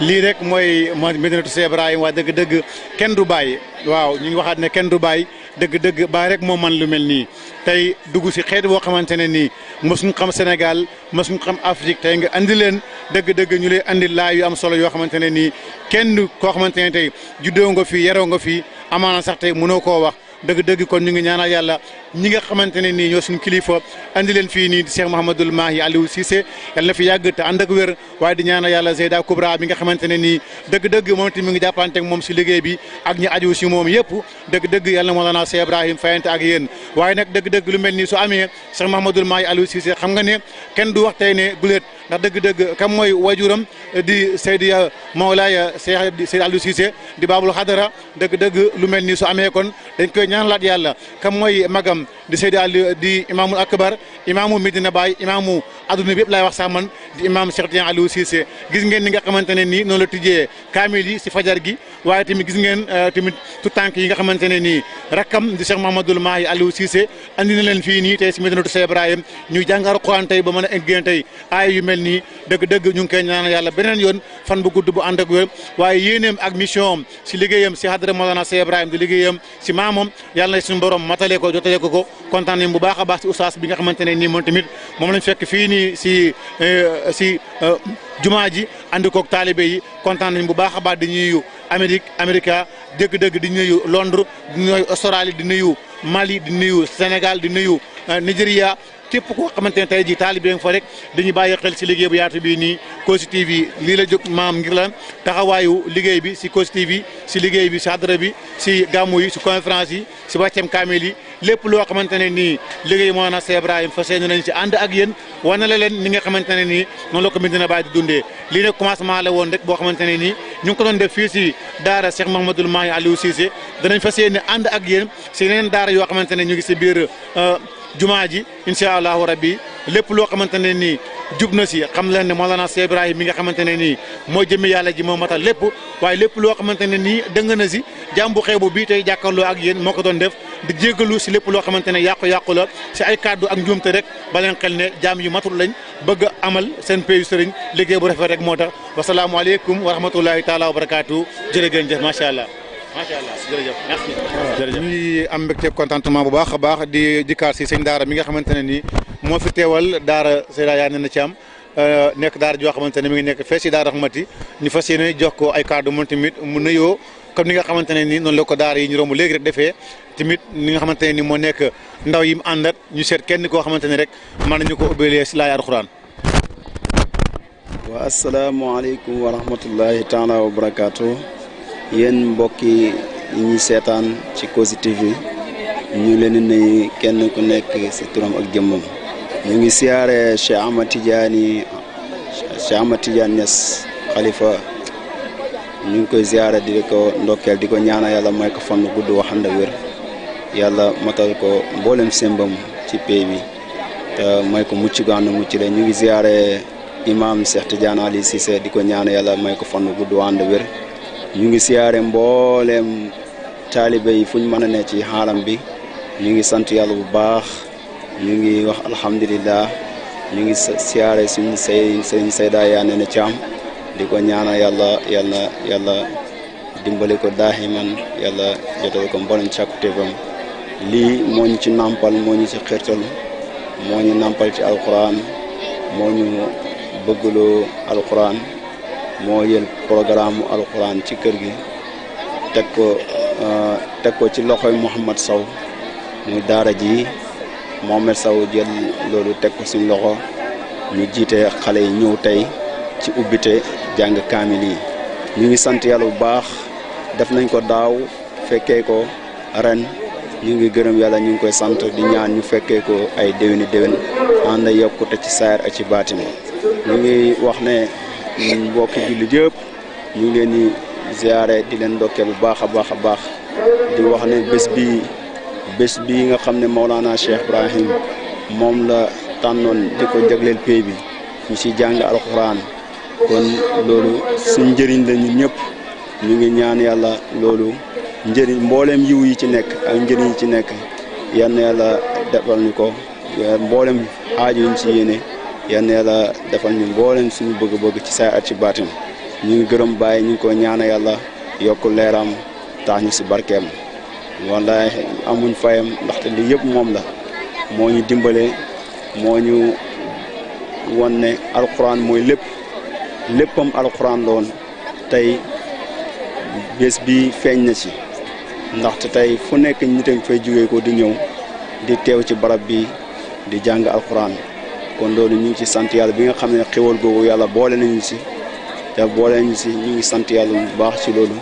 li rek moy medinatou Cheikh ibrahim wa deug deug ken du bàyyi waaw ñu ngi waxat ne ken du bàyyi deug deug ba rek mo man lu melni tay duggu ci si bo xamantene ni ne xam Sénégal mosuñ xam Afrique tay nga andi len deug deug ñu lay andi la yu am solo yo xamantene ni nii kenn koo xamante ne nga fi yaroo nga fi amana sax tay mëno ko wax dëgg-dëgg kon ñu ngi ñaanal yàlla ñi nga xamante ne nii ñoo suñu kilifa andi leen fii nii di Cheikh Mouhamadul Mahi Aliou Cissé yàlla na fi yàgg te ànd ak wér waaye di ñaanal yàlla Zeyda Kubra mi nga xamante ne nii dëgg-dëgg moom itam mi ngi jàppante ak moom si liggéey bi ak ñi aju si moom yëpp dëgg-dëgg yàlla Mawlana Cheikh Ibrahim fayante ak yéen waaye nag dëgg-dëgg lu mel nii su amee Cheikh Mouhamadul Mahi Aliou Cissé xam nga ne kenn du wax ne guléet ndax dëgg-dëgg kam mooy wajuram di Seydiya Mawlaaya Cheikh Seydi Aliou Cissé di Baabul Xadara dëgg-dëgg lu mel ni su amee kon dañ koy ñaan laat yàlla kam mooy magam di Seydi Aliou di imaamul akbar imaamu Medina Baye imaamu adduna bi yëpp laay wax sax man di imaam Cheikh Tidiane Aliou Cissé gis ngeen ni nga xamante ne nii noonu la tijjee kaamil yi si fajar gi waye timi gis ngeen eh, timi tout tank yi nga xamantene RAKAM rakam MAMADUL di Cheikh Mahamadul Mahi Aliou Cissé andi na len fi ni tay ci Medinatu Cheikh Ibrahim ñu jàng Alxuraan YALA ba mën a eggéen tey yu melni deug deug ñu ngi ñaan yalla benen yoon fan bu gudd bu and ak wër waye ak mission ci si ci si hadra Mawlana Cheikh Ibrahim di liggéeyam si mamam yalla na suñu borom matalé ko jotalé ko ko kontaan ni bu baaxa baax si oustaz bi nga xamantene ni nii tamit mom lañu fekk fi ni ci si eh, eh, jumaaji andi talibé yi ni bu baaxa baax di ñuyu Amérique américa dëgg-dëgg di nuyu londre di nuyu Australie di nuyu Mali di nuyu Sénégal di nuyu euh, Nigéria képp koo xamante ne tey jii fa rek dañuy bàyyi xel si liggéey bu yaatu bii nii Kossy TV lii la jóg maam ngir lan taxawaayu liggéey bi si Kossy TV si liggéey bi si hadara bi si gàmmu yi si conférence yi si wàcceem kaamil yi lépp loo xamante ne nii liggéey Mawlana Cheikh Ibrahima fas yéene nañ si ànd ak yéen wane leen ni nga xamante ne nii noonu la ko Medina Baye di dundee lii nag commencement la woon rek boo xamante ne nii ñu ngi ko doon def fii si daara jumaa ji incha allahu rabbi lépp loo xamante ne nii jub na si xam leen ne Mawlana Cheikh Ibrahim mi nga xamante ne nii moo jëmmi yàlla ji moo matal lépp waaye lépp loo xamante ne nii dëng na si jàmm bu xeebu bi tey jàkkaarloo ak yéen moo ko doon def di jéggalu si lépp loo xamante ne yàqu-yàqu si ay kàddu ak njuumte rek ba leen ne jaam yu matul lañ bëgg amal seen payu sëriñ liggéey bu rafet rek moo tax wasalaamualeykum wa rahmatullahi taala wa barakaatu jërë ngeen jëf macha allah macha allah jërëjëf merci jërëjëf ñu ngi am mbégte contentement bu baax a baax di dikkaat si sëñ daara mi nga xamante ne nii moo fi teewal daara Seyda Yaa na Thiam euh, nekk daara joo xamante ne mi ngi nekk fee si daara Rahmati ñu fa fas yéene jox ko ay kàddu moom tamit mu nuyoo comme ni nga xamante ne nii noonu la ko daara yi ñu romb léegi rek defee tamit ni nga xamante ne nii moo nekk ndaw yi mu àndat ñu seet kenn koo xamante ne rek mën nañu ko ubbeelee si laay alxuraan wa asalaamaaleykum wa rahmatullahi taala wa barakaatu yéen mbokki yi ñuy seetaan ci Kossy TV ñu leen nuyu kenn ku nekk si turam ak jëmmam ñu ngi siyaare Cheikh Ahmad Tidiane Cheikh Ahmad Tidiane Niass xalifa ñu ngi koy siyaare di ko ndokkeel di ko ñaanal yàlla may ko fan gudd waxande wér yàlla matal ko mboolem sembam ci pay bi te may ko mucc gànn mucc la ñu ngi siyaare imaam Cheikh Tidiane Ali Cissé di ko ñaanal yàlla may ko fan gudd waxande wér ñu ngi siyaare mbooleem taalibe yi fuñ mën a ne ci xaalam bi ñu ngi sant yàlla bu baax ñu ngi wax alhamdulilah ñu ngi siyaare suñ say sëñ saydaa yaa ne caam di ko ñaana yàlla yàlla yàlla dimbali ko daaximan yàlla jotal ko mbooleem càkkutéefam lii moo ñu ci nàmpal moo ñu ci xirtal moo ñu nàmpal ci alquran moo ñu bëggloo alquran moo yël programme alxuraan ci kër gi teg ko euh, teg ko ci loxoy Mouhamed Sow muy daara ji Mouhamed Sow jël loolu teg ko suñ loxo ñu jiite xale yi ñëw tey ci ubbite jàng kaamil yi ñu ngi sant yàlla bu baax def nañ ko daaw fekkee ko ren ñu ngi gërëm yàlla ñu ngi koy sant di ñaan ñu fekkee ko ay déwéni déwén ànd yokkute ci saayir ak ci baatin ñu ngi wax ne ñun mbokki jullit yëpp ñu ngi leen di ziare di leen ndokkee bu baax a baax a baax di wax ne bés bi bés bi nga xam ne Maulana Cheikh Ibrahim moom la tànnoon di ko jagleel pay bi ñu si jàng alxuraan kon loolu suñ njëriñ lañu ñun ñëpp ñu ngi ñaan yàlla loolu njëriñ mbooleem yiw yi ci nekk ak njëriñ yi ci nekk yan yàlla defal ñu ko mboolem aaju yi ñu si yéene yan yàlla defal ñu mbooleen suñu bëgg-bëgg ci saa at ci baatin ñu ngi gërëm bàyyi ñu ngi ko ñaana yàlla yokku leeraam tax ñu si barkeem wallaay amuñ fayam ndaxte li yëpp moom la moo ñu dimbale moo ñu won ne alxuraan mooy lépp léppam alxuraan la tey bés bi feeñ na ci ndaxte tey fu nekk nit a fay jógee ko di ñëw di teew ci barab bi di jàng alxuraan kon loolu ñu ngi ci sant yàlla bi nga xam ne xéwal googu yàlla boole nañu si te boole nañu si ñu ngi sant yàlla bu baax si loolu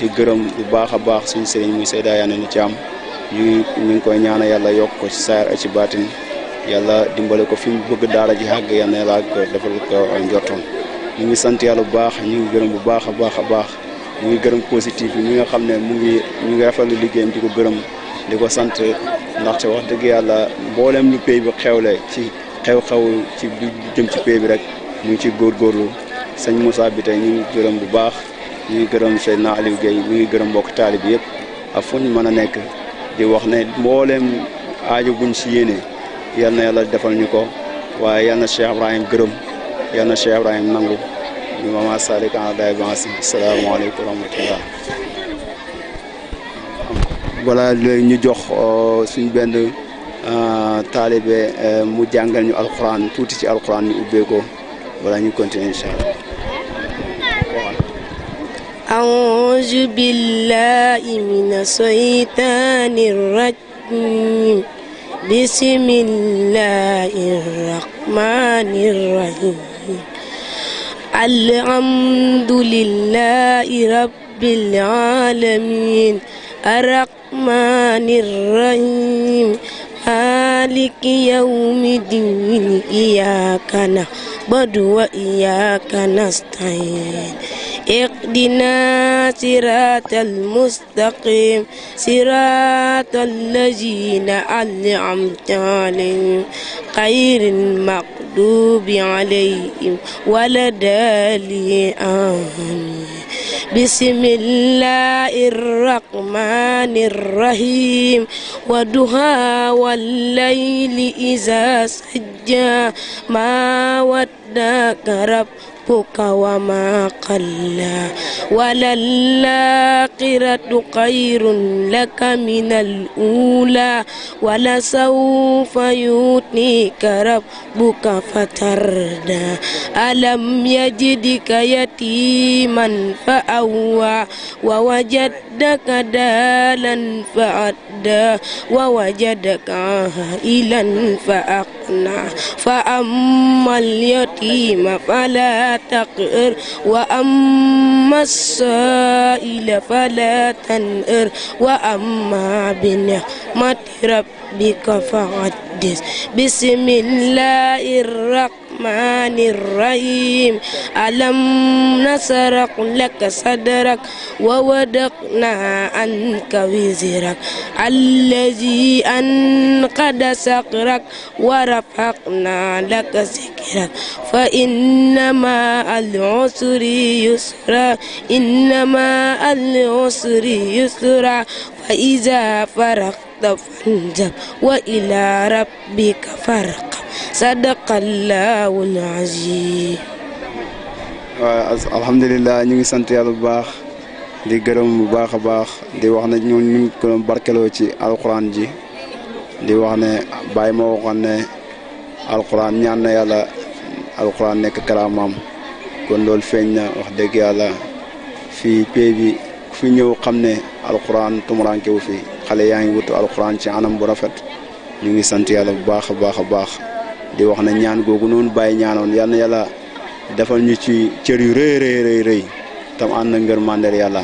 di gërëm bu baax a baax suñu sëriñ muy Seyda Yane ni ci am ñu ngi ñu ngi koy ñaana yàlla yokk ko ci saar ak yàlla dimbale ko fi bëgg daara ji àgg yàlla na yàlla ko defal ngi sant yàlla bu baax ñu ngi gërëm bu baax a baax a baax ñu ngi gërëm positif bi mi nga xam ne mu ngi ñu ngi rafetlu liggéeyam di ko gërëm di ko sant ndaxte wax dëgg yàlla mboolem lu pays bi xewle xew-xew ci du jëm ci pay bi rek mu ngi ci góorgóorlu sëñ Moussa bi tey ñu ngi gërëm bu baax ñu gërëm Seydina Aliou Guèye ñu ngi gërëm mbokk taalib yëpp ak fu ñu mën a nekk di wax ne mbooleem aajo buñ si yéene yal na yàlla defal ñu ko waaye yal na Cheikh Ibrahim gërëm yal na Cheikh Ibrahim nangu ñu mama salik ana day bansi salaamaaleykum wa rahmatullah voilà léegi ñu jox euh, suñ benn talibé mu jàngal ñu alcorane touti ci alcorane ñu ubbé ko wala ñu continuer inshallah a'udhu billahi بالله من الشيطان الرجيم بسم الله الرحمن الرحيم الحمد لله رب العالمين الرحمن الرحيم مالك يوم الدين إياك نعبد وإياك نستعين اقدنا صراط المستقيم صراط الذين أنعمت عليهم غير المقدوب عليهم ولا آمين بسم الله الرحمن الرحيم ودها والليل إذا سجى ما ودك ربك رزقك وما قل وللآخرة خير لك من الأولى ولسوف يؤتيك ربك فتردى ألم يجدك يتيما فأوى ووجدك دالا فأدى ووجدك عائلا فأقنى فأما اليتيم فلا تقر وأما السائل فلا تنهر وأما بنعمة ربك فحدث بسم الله الرحمن الرحمن الرحيم ألم نسرق لك صدرك وودقنا عنك وزرك الذي أنقد سقرك ورفقنا لك ذكرك فإنما العسر يسرا إنما العسر يسرا فإذا فرقت الأرض فانجب وإلى ربك فارقب صدق الله العظيم الحمد لله ñu ngi sant yàlla bu baax di gërëm bu baax a baax di wax ne ñun ñu ngi ko barkeloo ci alquran ji di wax ne bàyyi ma waxoon ne alquran ñaan na yàlla alquran nekk karaamaam kon loolu feeñ na wax dëgg yàlla fii pay bi fi ñëw xam ne alquran tumurankewu fii xale yaa ngi wut alxuraan ci anam bu rafet ñu ngi sant yàlla bu baax a baax a baax di wax na ñaan googu noonu bàyyi ñaanoon yal na yàlla defal ñu ci cër yu rëy rëy rëy tam ànd na ngër màndeel yàlla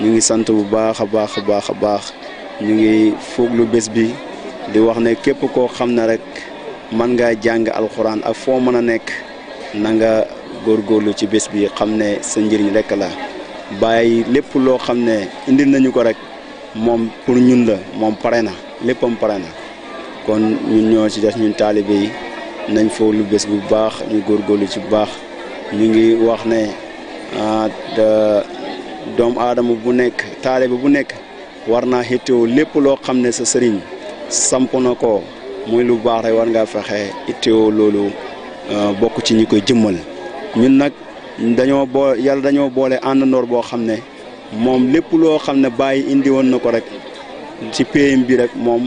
ñu ngi sant bu baax a baax a baax a baax ñu ngi fooglu bés bi di wax ne képp koo xam na rek mën ngaa jàng alxuraan ak foo mën a nekk na nga góorlu ci bés bi xam ne sa njëriñ rekk la bàyyi lépp loo xam ne indil nañu ko rek moom pour ñun la moom pare na léppam pare na kon ñun ñoo ci des ñun taalibe yi nañ foo lu bés bu baax ñu góor góorgóorlu ci bu baax ñu ngi wax ne ah, doomu aadama bu nekk taalibe bu nekk war naa ittewoo lépp loo xam ne sa sëriñ samp na ko muy lu baax rek war ngaa fexe ittewoo loolu ah, bokk ci ñu koy jëmmal ñun nag dañoo boo yàlla dañoo boole àndandoor boo xam ne moom lépp loo xam ne bàyyi indi woon na ko rek ci PM bi rek moom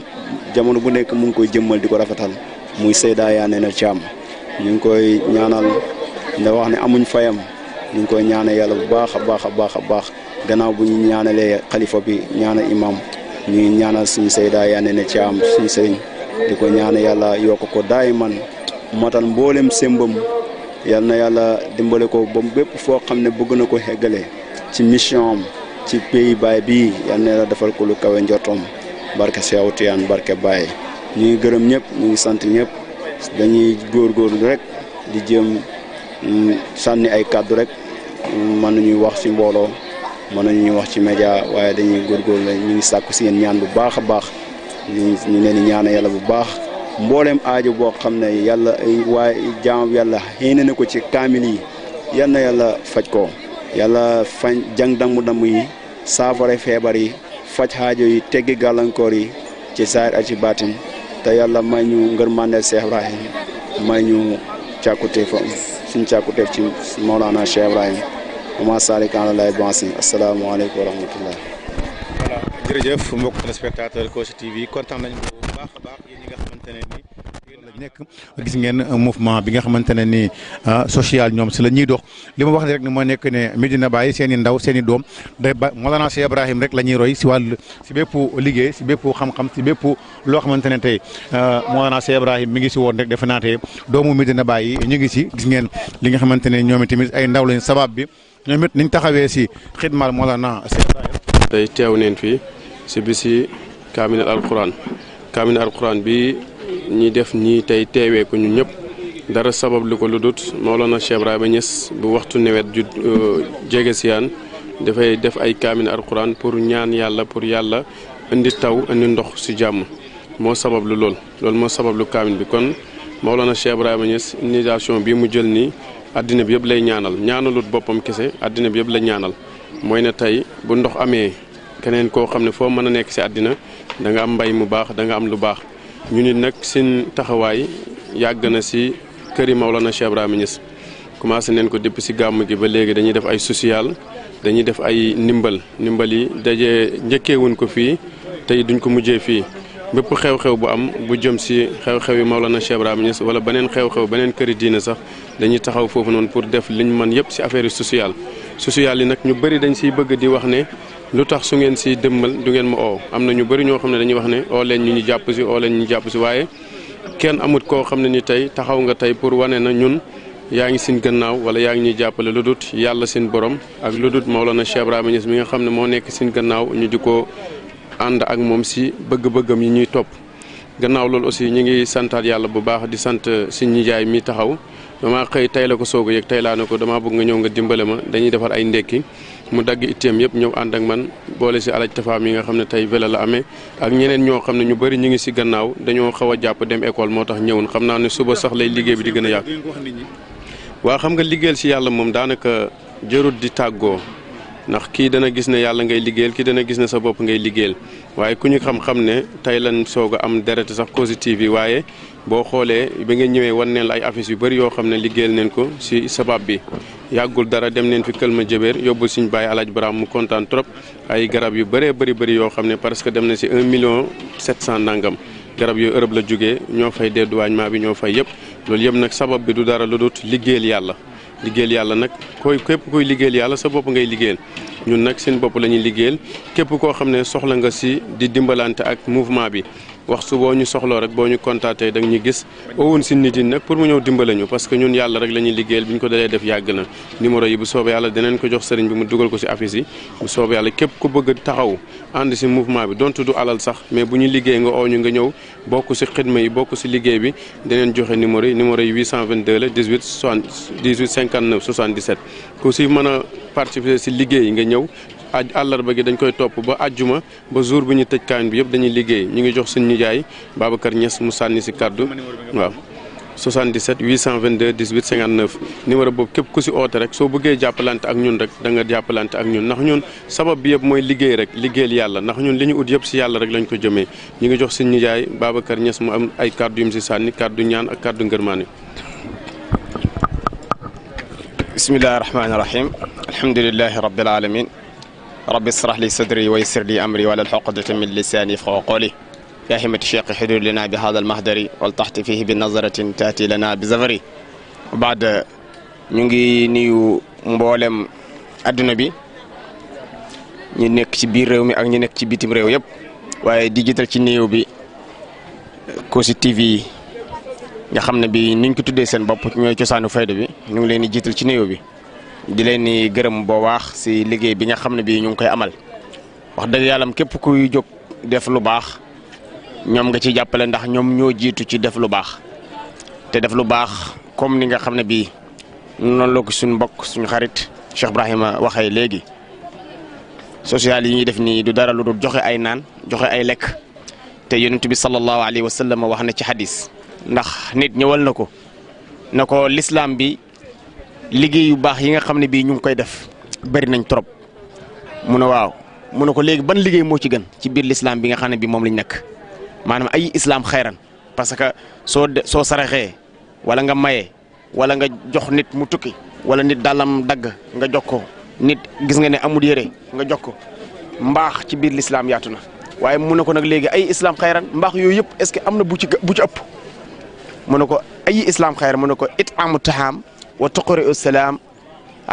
jamono bu nekk mu ngi koy jëmmal di ko rafetal muy seydaa Seyda Yane na Thiam ñu ngi koy ñaanal nda wax ne amuñ fayam ñu ngi koy ñaanal yàlla bu baax a baax a baax a baax gannaaw bu ñu ñaanalee xalifa bi ñaanal imam ñu ñaanal suñ suñu Seyda Yane na Thiam suñu sëriñ di ko ñaanal yàlla yokk ko daay man matal mboolem sembam yal na yàlla dimbale ko ba bépp foo xam ne bëgg na ko xeggalee ci mission am ci pays baay bi yal na la defal ko lu kawe njortoom barke Seewu Tiyaan barke Baay ñu ngi gërëm ñëpp ñu ngi sant ñëpp dañuy góor góorgóorlu rek di jéem mm, sànni ay kàddu rek mën nañuy wax ci mbooloo mën ñuy wax ci média waaye dañuy góor góor ñu ngi sàkku si yéen ñaan bu baax a baax ñu ñu leen ñaana yàlla bu baax mbooleem aajo boo xam ne yàlla waaye jaam yàlla xéene na ko ci kaamil yi yal na yàlla faj ko yàlla fañ jàng damm-damm yi saafara feebar yi faj xaajo yi teggi gàllankoor yi ci saayir ak ci baatin te yàlla may ñu ngërmande Cheikh Ibrahim may ñu càkkuteef suñ càkkuteef ci Mawlana Cheikh Ibrahim ama salik ala lay bansi asalaamaaleykum wa rahmatullah a nekk gis ngeen euh, mouvement bi nga xamante ne ni euh, social ñoom si la ñuy dox li ma wax rek ni moo nekk ne Medina Baye seen i ndaw seeni doom day ba Mawlana Cheikh la ñuy roy si wàllu si bépp liggéey si bépp xam-xam si bépp loo xamante ne tey euh, Mawlana Cheikh Ibrahim mi ngi si woon rek defe naa tey doomu Medina Baye ñu ngi si gis ngeen li nga xamante ne ñoom tamit ay ndaw lañ sabab bi ñoom it niñ taxawee si xidmaal Mawlana Cheikh Ibrahim. tey teew neen fii si bisi kaamil alquran kaamil alquran bi. ñi def ñii tey teewee ko ñun ñëpp dara sabab lu ko lu dut na Cheikh ba Niass bu waxtu nawet ju euh, jege siyaan dafay def ay kaamin alquran pour ñaan yàlla pour yàlla indi taw indi ndox si jàmm moo sabab lu lool loolu moo sabab lu kaamin bi kon Mawlana Cheikh Ibrahima Niass inondation bi mu jël nii àddina bi yëpp lay ñaanal ñaanalut boppam kese àddina bi yëpp la ñaanal mooy na tey bu ndox amee keneen koo xam ne foo mën a nekk si àddina danga am mbay mu baax da nga am lu baax ñu nit nag seen taxawaay yàgg na si këri Maolana na Ibrahima Niass commencé neen ko depuis si gàmm gi ba léegi dañuy def ay social dañuy def ay ndimbal ndimbal yi dajee njëkkeewuñ ko fii tey duñ ko mujjee fii bépp xew-xew bu am bu jëm si xew-xew yi na Cheikh Ibrahima Niass wala beneen xew-xew beneen këri diine sax dañuy taxaw foofu noonu pour def liñ mën yëpp si affaire yi social social yi nag ñu bëri dañ siy bëgg di wax ne lu tax su ngeen si dëmmal du ngeen ma oo am na ñu bëri ñoo xam ne dañuy wax ne oo leen ñu ñu jàpp si oo ñu jàpp si waaye kenn amut koo xam ne ni tey taxaw nga tey pour wane na ñun yaa ngi seen gannaaw wala yaa ngi ñuy jàppale lu dut yàlla seen borom ak lu dut Maolana Cheikh Ibrahima Niass mi nga xam ne moo nekk seen gannaaw ñu di ko ànd ak moom si bëgg-bëggam yi ñuy topp. gannaaw loolu aussi ñu ngi santaat yàlla bu baax di sant suñ nijaay mi taxaw damaa xëy tey la ko soog a tey laa ne ko damaa bëgg nga ñëw nga dimbale ma dañuy defar ay mu dagg itteem yëpp ñëw ànd ak man boole si alaj tafaam yi nga xam ne tey vélo la amee ak ñeneen ñoo xam ne ñu bari ñu ngi si gannaaw dañoo xaw a jàpp dem école moo tax ñëwun xam naa ne suba sax lay liggéey bi di gën a yàgg waa xam nga liggéeyal si yàlla moom daanaka jërut di tàggoo ndax kii dana gis ne yàlla ngay liggéeyal kii dana gis ne sa bopp ngay liggéeyal waaye ku ñu xam-xam ne tey lan soog a am deret sax positive yi waaye boo xoolee ba ngeen ñëwee wan neen la ay affiches yu bëri yoo xam ne liggéeyal neen ko si sabab bi yàggul dara dem neen fi Këlma Jëbeer yóbbul suñu bàyyi alaaj Baraam mu kontaan trop ay garab yu baree bëri bëri yoo xam ne parce que dem na si un million sept cent nangam garab yu Europe la jógee ñoo fay dédouanement bi ñoo fay yëpp loolu yëpp nag sabab bi du dara lu dut liggéeyal yàlla liggéeyal yàlla nag koy képp koy liggéeyal yàlla sa bopp ngay liggéeyal ñun nag seen bopp la ñuy liggéeyal képp koo xam ne soxla nga si di dimbalante ak mouvement bi wax boo ñu soxloo rek boo ñu contacté da ñu gis owun si nit yi nag pour mu ñëw dimbale ñu parce que ñun yàlla rek la ñuy liggéeyal bi ñu ko dee def yàgg na numéro yi bu soobee yàlla dinañ ko jox sëriñ bi mu dugal ko si affiche yi bu soobee yàlla képp ku bëgg taxaw ànd si mouvement bi donte du alal sax mais bu ñu liggéey nga oo ñu nga ñëw bokk si xidma yi bokk si liggéey bi dinañ joxe numéro yi numéro yi 822 la 18 60 18 59 77 ku si mën a participer si liggéey nga ñëw aj àllarba gi dañ koy topp ba àjjuma ba jour bu ñu tëj kaamil bi yëpp dañuy liggéey ñu ngi jox suñu nijaay Babacar Niass mu sànni si kàddu waaw 77 822 18 59 numéro boobu képp ku si oote rek soo bëggee jàppalante ak ñun rek danga nga jàppalante ak ñun ndax ñun sabab bi yëpp mooy liggéey rek liggéeyal yàlla ndax ñun li ñu ut yëpp si yàlla rek lañ ko jëmee ñu ngi jox suñu nijaay Babacar Niass mu am ay kàddu yu mu sànni kàddu ñaan ak kàddu ngërmaane bismillahi rahmaani rahim alhamdulilahi رب اصرح لي صدري ويسر لي امري ولا الحقدة من لساني يفقه قولي يا همة الشيخ حدود لنا بهذا المهدر والتحت فيه بنظرة تاتي لنا بزغري وبعد نيجي نيو مبولم ادنا بي ني نيك سي بير ريومي اك ني نيك سي بيتيم ريو ييب واي ديجيتال سي نيو بي كوسي تي في nga xamne bi niñ ko tuddé sen bop ñoy ciosanu fayda bi ñu ngi leen di di leen nii gërëm boo waax si liggéey bi nga xam ne bii ñu ngi koy amal wax dëgg yàlla képp kuy jóg def lu baax ñoom nga ci jàppale ndax ñoom ñoo jiitu ci def lu baax te def lu baax comme ni nga xam ne bii noonu la ko suñu mbokk suñu xarit Cheikh Ibrahima waxee léegi social yi ñuy def nii du dara lu dul joxe ay naan joxe ay lekk te yonent bi sallallahu alayhi wa sallam wax na ci hadis ndax nit ñëwal na ko na ko lislaam bi liggey yu bax yi nga xam bi ñu koy def bari nañ trop mu ne waaw mu ne ko legi ban liggey mo ci gën ci bir l'islam bi nga xam bi mom lañ ay islam khairan parce que so so saraxé wala nga mayé wala nga jox nit mu tukki wala nit dalam dag nga jox ko nit gis nga ne amul yéré nga jox ko mbax ci bir l'islam yatuna na mu ne ko nak legi ay islam khairan mbax yoy yep est ce que amna bu ci bu ci ëpp mu ne ko ay islam xayran mu ne ko it taham وتقرئ السلام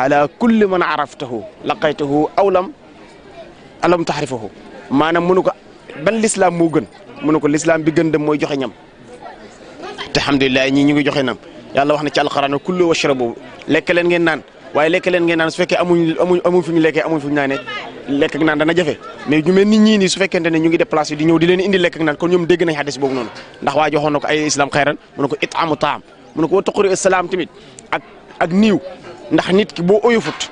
على كل من عرفته لقيته او لم الم تعرفه مانام منوكو بان الاسلام مو گن منوكو الاسلام بي گند موي جوخي نيام تي الحمد لله ني نيغي جوخي نام يالا واخنا تي القران كل واشربوا لك لين نان واي لك لين نان سو فكي امون امون امون فيني لك امون فيني ناني لك نان دانا جافي مي جو مي ني ني سو فكي ندي نيغي ديبلاسي دي نيو دي لين اندي لك نان كون نيوم دگ ناي حديث بوك نون نداخ وا جوخونوكو اي اسلام خيران منوكو اطعام طعام منوكو تقري السلام تيميت اك ak niiw ndax nit ki boo oyofut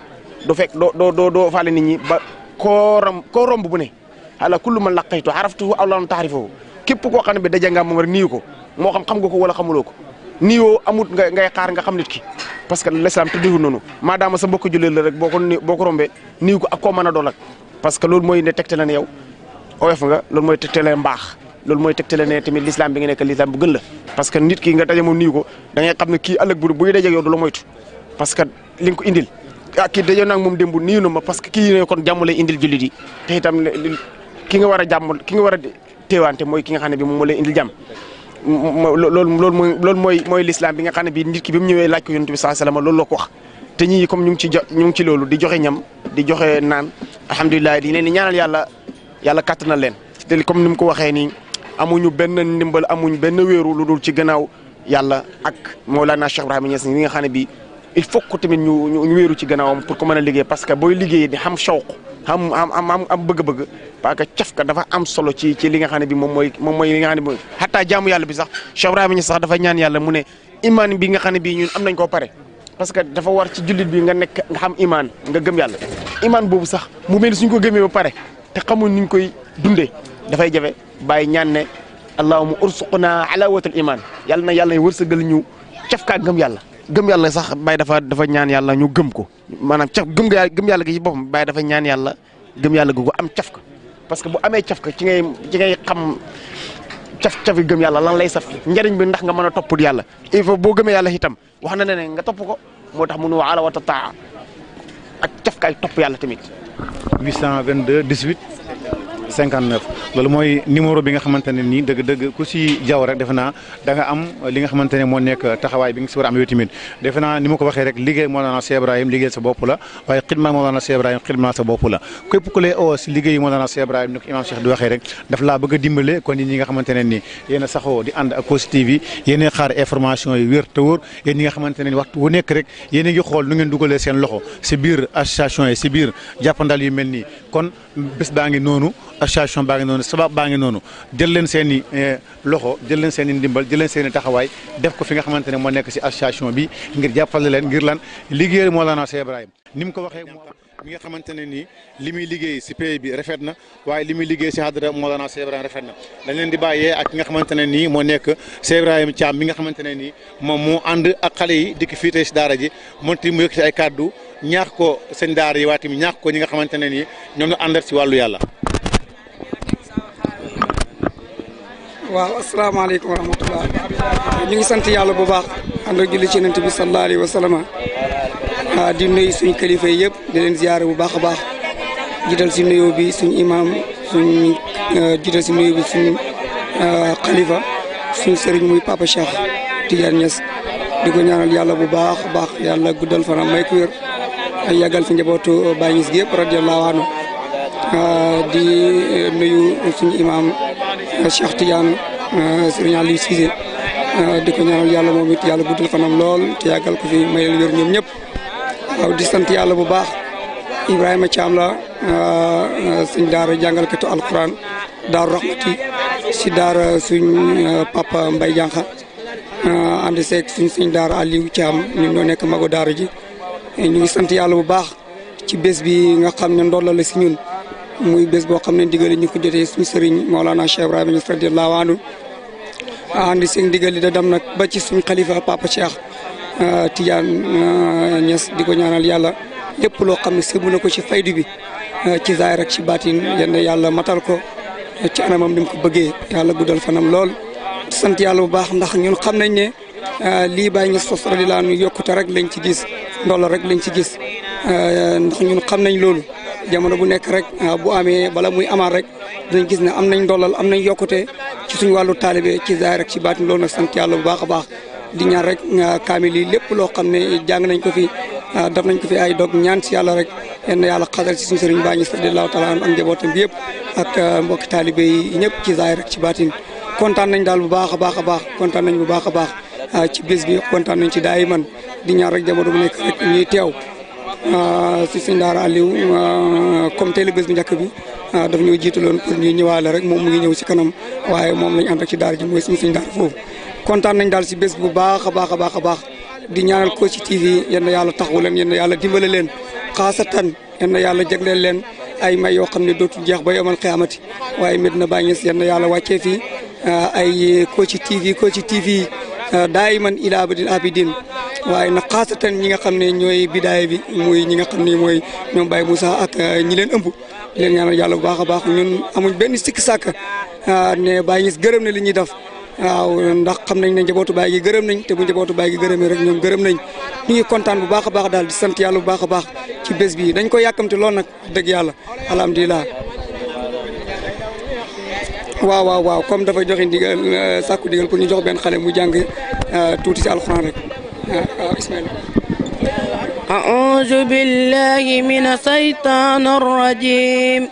du fekk doo doo doo faale nit ñi ba koo rom koo romb bu ne ala kullu man laqaytu araftuhu aw lam taarifahu képp koo xam ne bi daje nga moom rek niiw ko moo xam xam nga ko wala xamuloo ko niiwoo amut nga ngay xaar nga xam nit ki parce que l'islam tuddiwul noonu maadaama sa mbokk jullit la rek boo ko boo ko rombee niiw ko ak koo mën a doon ak parce que loolu mooy ne tegte la ne yow oyof nga loolu mooy tegte la mbaax loolu mooy tegtale ne tamit l'islam bi nga nekk l'islam bu gën la parce que nit nga daje moom nuyu ko da ngay xam ne kii ëllëg bu buy dajeeg yow la parce que li nga ko indil ah kii daje naag moom démb ma parce que kii ne kon jàmm lay indil jullit ki nga war a jàmm ki nga war a teewaante mooy ki nga xam ne bi moom moo lay indil jàmm loolu loolu mooy loolu mooy mooy l'islam bi nga xam ne bi nit ki bi mu ñëwee laaj ko yonent bi sallallahu alayhi wasallam loolu la ko wax te loolu di joxe ñam di naan alhamdulilah di ne di ñaanal yàlla yàlla kàttanal leen comme ni mu ko waxee nii amuñu benn ndimbal amuñ benn wéeru lu dul ci gannaaw yàlla ak moo Mawlana Cheikh Ibrahima Niass mi nga xam ne bii il faut que tamit ñu ñu wéeru ci gannaawam pour ko mën a liggéey parce que booy liggéey di xam shawq xam am bëgg-bëgg parce que cafka dafa am solo ci ci li nga xam ne bi moom mooy moom mooy li nga xam ne mooy yàlla bi sax Cheikh Ibrahima sax dafa ñaan yàlla mu ne imaan bi nga xam ne bii ñun am nañ koo pare parce que dafa war ci jullit bi nga nekk nga xam imaan nga gëm yàlla imaan boobu sax mu mel suñ ko gëmee ba pare te xamuñ nuñ koy dundee dafay jafe bàyyi ñaan ne allahumma naa alawatul iman yàlla na yàlla wërsëgal ñu cafkaa gëm yàlla gëm yàlla sax bàyyi dafa dafa ñaan yàlla ñu gëm ko maanaam caf gëm nga gëm yàlla gi ci boppam bàyyi dafa ñaan yàlla gëm yàlla gu am ko parce que bu amee cafka ci ngay ci ngay xam caf caf yi gëm yàlla lan lay saf njëriñ bi ndax nga mën a topp yàlla il faut boo gëmee yàlla itam wax na ne ne nga topp ko moo tax mu nu ala wata taa ak cafkaay topp yàlla tamit 822 18 59 loolu mooy numéro bi nga xamante ne nii dëgg-dëgg ku si jaw rek defe naa da am li nga xamante ne moo nekk taxawaay bi nga si war am yow tamit defe naa ni ma ko waxee rek liggéey Mawlana Cheikh Ibrahim liggéey sa bopp la waaye xidma Mawlana Cheikh Ibrahim xidma sa bopp la si di waxee rek daf laa bëgg a dimbale kon ñi nga xamante ne nii yéen a saxoo di ànd ak Kossy TV yéen a xaar information yi wér te wóor yéen ñi nga xamante ne waxtu wu nekk rek yéen a ngi xool nu ngeen dugalee seen loxo si biir association yi si biir jàppandal yu mel nii kon bés baa ngi noonu association baa noonu sabab baa ngi noonu jël leen seen i eh, loxo jël leen seen i ndimbal jël leen seen i taxawaay def ko fi nga xamante ne moo nekk si association bi ngir jàppale leen ngir lan liggéeyal Mawlana Cheikh Ibrahima ni mu ko waxee mi nga xamante ne nii li muy liggéey si bi rafet na waaye li muy liggéey si hadara Mawlana Cheikh Ibrahima rafet na dañ leen di bàyyee ak nga xamante ne nii moo nekk Cheikh Ibrahima Thiam mi nga xamante ne nii moom moo ànd ak xale yi dikk fii tey si daara ji monti mu yëkkati ay kàddu ñaax ko seen daara yi waaye tamit ñaax ko ñi nga xamante ne nii ñoom la àndal si wàllu yàlla waaw asalaamaaleykum wa rahmatullah ñu ngi sant yàlla bu baax ànd ak julli ci nant bi sallallahu alayhi wa sallam ah, di nuyu suñu kilifa yi yëpp di leen ziyaare bu baax a baax jiital si nuyoo bi suñu imaam suñu ah, jiital si nuyoo bi suñu ah, xalifa suñu sëriñ muy papa Cheikh Tidiane Niass di ko ñaanal yàlla bu baax a baax yàlla guddal fanam may ko ay yàggal si njabootu Baay Ñas gi yëpp radiyallahu anhu di nuyu suñu imaam. Cheikh Tidiane euh, Serigne Aliou Cissé euh, di ko ñaanal yàlla moom it yàlla guddal fanam lool te yàggal ko fi mayal wér ñoom ñëpp waaw di sant yàlla bu baax Ibrahima Thiam la euh, suñ daara jàngalkatu alquran daara raxmati si daara suñ papa Mbaye Diankha ànd seeg suñ suñ daara Aliou Thiam ñun ñoo nekk mago daara ji ñu ngi sant yàlla bu baax ci bés bi nga xam ne ndolla la si ñun muy bés boo xam ne ndigal ñu ko jotee suñu sëriñ Maolana Cheikh Ibrahima Niass radiyallahu anhu ànd si ndigal da dem nag ba ci suñu xalifa papa Cheikh euh, Tidiane euh, Niass di ko ñaanal yàlla lépp loo xam ne sëbu ko ci faydu bi euh, ci zaahir ak ci baatin yenn yàlla matal ko ci anamam ni mu ko bëggee yàlla guddal fanam lool. sant yàlla bu baax ndax ñun xam nañ ne lii bàyyi ñu sos radiyallahu anhu yokkute rek lañ ci gis ndolla rek lañ ci gis ndax ñun xam nañ loolu. jamono bu nekk rek ah, bu amee bala muy amaat rek dinañ gis ne am nañ ndollal am nañ yokkute ci suñu wàllu taalibe ci zaahir rek ci baatin lool nag sant yàlla bu baax a baax di ñaan rek ah, kaamil yi lépp loo xam ne jàng nañ ko fi ah, daf nañ ko fi ay dog ñaan si yàlla rek yenn yàlla xasal si suñu sëriñ baa ñi radiyallaahu taala ak njabootam bi yëpp ak mbokki taalibe yi ñëpp ci zaahir rek ci baatin kontaan nañ daal bu baax a baax a baax kontaan nañ bu baax a baax ci bis bi kontaan nañ ci daay man di ñaan jamono bu nekk teew Euh, si suñ daara Aliou euh, comme tey la bés bu njëkk bi euh, daf ñoo jiitaloon pour ñu ñëwaale rek moom mu ngi ñëw si kanam waaye moom lañ ànd ak ci daara ji mooy suñ suñ daara foofu kontaan nañ daal si bés bu baax a baax a baax a baax di ñaanal Kossy TV yéen na yàlla taxawu leen yéen na yàlla dimbale leen xaasatan yéen na yàlla jagleel leen ay may yoo xam ne dootu jeex ba yomal xiyaamati waaye Medina Baye Niass yéen na yàlla wàccee fii ay Kossy TV Kossy TV daayiman ilaa abadin abidin waaye nag xaasatan ñi nga xam ne ñooy bidaay bi muy ñi nga xam ne mooy ñoom Baye Moussa ak euh, ñi leen ëmb di leen ñaanal yàlla bu baax a baax ñun amuñ benn sikki sàkk euh, ne Baye Niass gërëm na li ñuy def waaw ndax xam nañ ne njabootu Baye gi gërëm nañ te bu njabootu Baye gi gërëmee rek ñoom gërëm nañ ñu ngi kontaan bu baax a baax daal di sant yàlla bu baax a ci bés bi dañ koy yàkkamte lool nag dëgg yàlla alhamdulilah waaw waaw waaw comme dafa joxe ndigal euh, sàkku digal pour ñu jox benn xale mu jàng tuuti si alxuraan rek أعوذ بالله من الشيطان الرجيم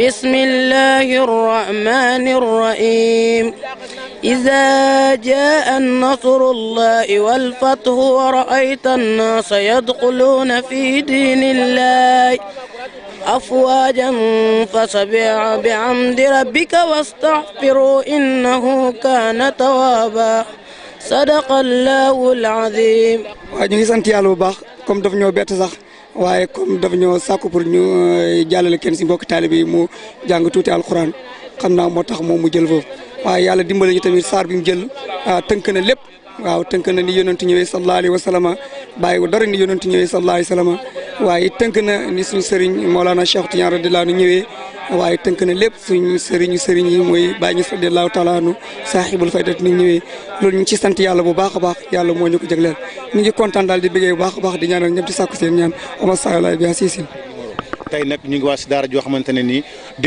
بسم الله الرحمن الرحيم إذا جاء النصر الله والفتح ورأيت الناس يدخلون في دين الله أفواجا فسبع بعمد ربك واستغفروا إنه كان توابا sadaqallahu alazim waaw ñu ngi sant yàlla bu baax comme daf ñoo bett sax waaye comme daf ñoo sàkku pour ñu euh, jàllale kenn si mbokk taalibe yi mu jàng tuuti alquran xam naa moo tax moom mu jël foofu waaye yàlla dimbale ñu tamit saar bi mu jël euh, tënk na lépp waaw tënk na ni yonentu ñëwee sallallahu alayhi wa sallam bàyyi wu dara ni yonentu ñëwee sallallahu alayhi wa sallam waaye tënk na ni suñu sëriñ Mawlana Cheikh Tidiane radiyallahu anhu ñëwee waaye tënk na lépp suñu sëriñu sëriñ yi mooy Baay Ñas radiyallahu taala anhu saaxibul faydat ni ñëwee loolu ñu ci sant yàlla bu baax a baax yàlla moo ñu ko jagleel ñu ngi kontaan daal di bëggee bu baax a baax di ñaanal ñëpp di sàkku seen ñaan ama sala bi asiisil tey nag ñu ngi waa si daara joo xamante ne nii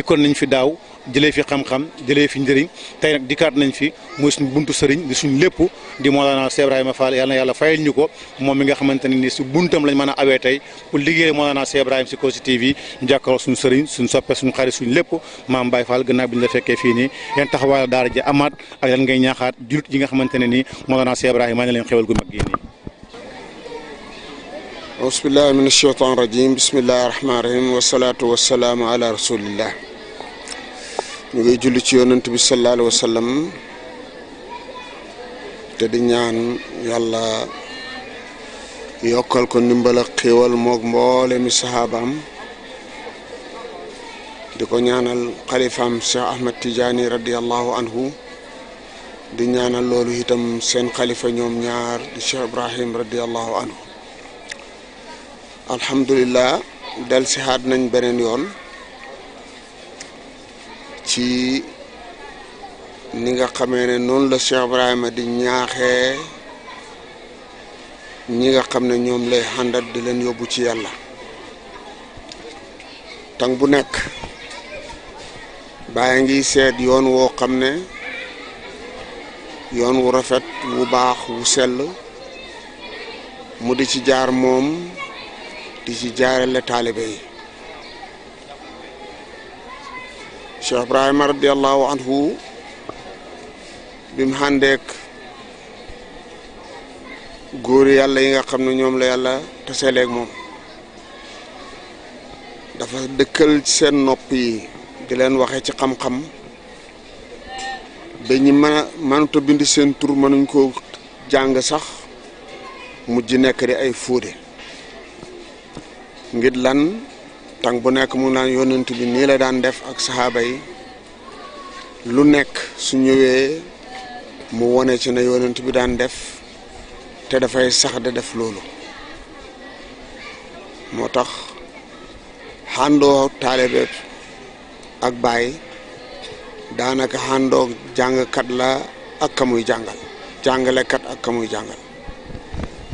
kon nañ fi daaw jëlee fi xam-xam jëlee fi njëriñ te dikkaat nañ fi muy suñ buntu sëriñ di suñ lépp di Mawlana Cheikh Ibrahima Fall yàlla na yàlla fayal ñu ko moom mi nga xamante ne ni su buntam lañ mën a awee tey pour liggéey Mawlana Cheikh Ibrahima si Kossy TV ñu jàkkaarloo suñ sëriñ suñ soppe suñ xarit suñ lépp maam Baye Fall gannaaw bi la fekkee fii nii yan taxawaay daara ji amaat ak yan ngay ñaaxaat julit yi nga xamante ne ni Mawlana Cheikh Ibrahima maa ngi leen xewal gu mag gii nii ausubillahi min asheytan rajim bismillahi ñu ngi julli ci yonent bi sallallahu alayhi te di ñaan yàlla yokkal ko ndimbal ak xéewal mboole mi saxaabaam di ko ñaanal xalifaam Cheikh Ahmed Tidiane radiallahu anhu di ñaanal loolu itam seen xalifa ñoom ñaar di Cheikh Ibrahim radiallahu anhu alhamdulilah del si xaat nañ beneen yoon ci ni nga xamee ne noonu la si Ibrahima di ñaaxee ñi nga xam ne ñoom lay xàndat di leen yóbbu ci yàlla tang bu nekk bàyyi ngi seet yoon woo xam ne yoon wu rafet wu baax wu sell mu di ci jaar moom di ci jaarale taalibe yi cheikh ibrahima radiallahu anhu bim handek goor yalla yi nga xamne ñom la yalla yàlla ak mom dafa dekkal seen nopp yi di len waxe ci xam-xam be ñi mëna a bind sen tour mënuñ ko jang sax mujj nekk di ay foudé ngir lan tang bu nek mu nan yonent bi ni la dan def ak sahaba yi lu nek su ñewé mu woné ci na yonent bi dan def da fay sax da def lolu motax hando talebe ak baye danaka hando jang kat la ak kamuy jangal jangale kat ak kamuy jangal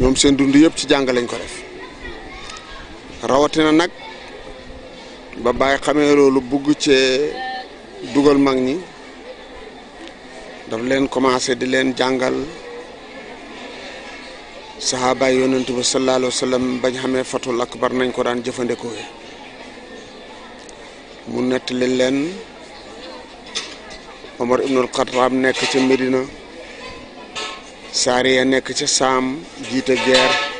ñom seen dund yépp ci jangal lañ ko def rawatina nak ba baay xamee loolu bugg cee dugal mag ñi daf leen commencé di leen jàngal saxaabaay yonent bi sallallahu alayhi wa sallam bañ xamee fatul akbar nañ ko daan jëfandikoo mu nettali leen Omar ibnul Xataab nekk ca Medina Saariya nekk ci Saam jiite guerre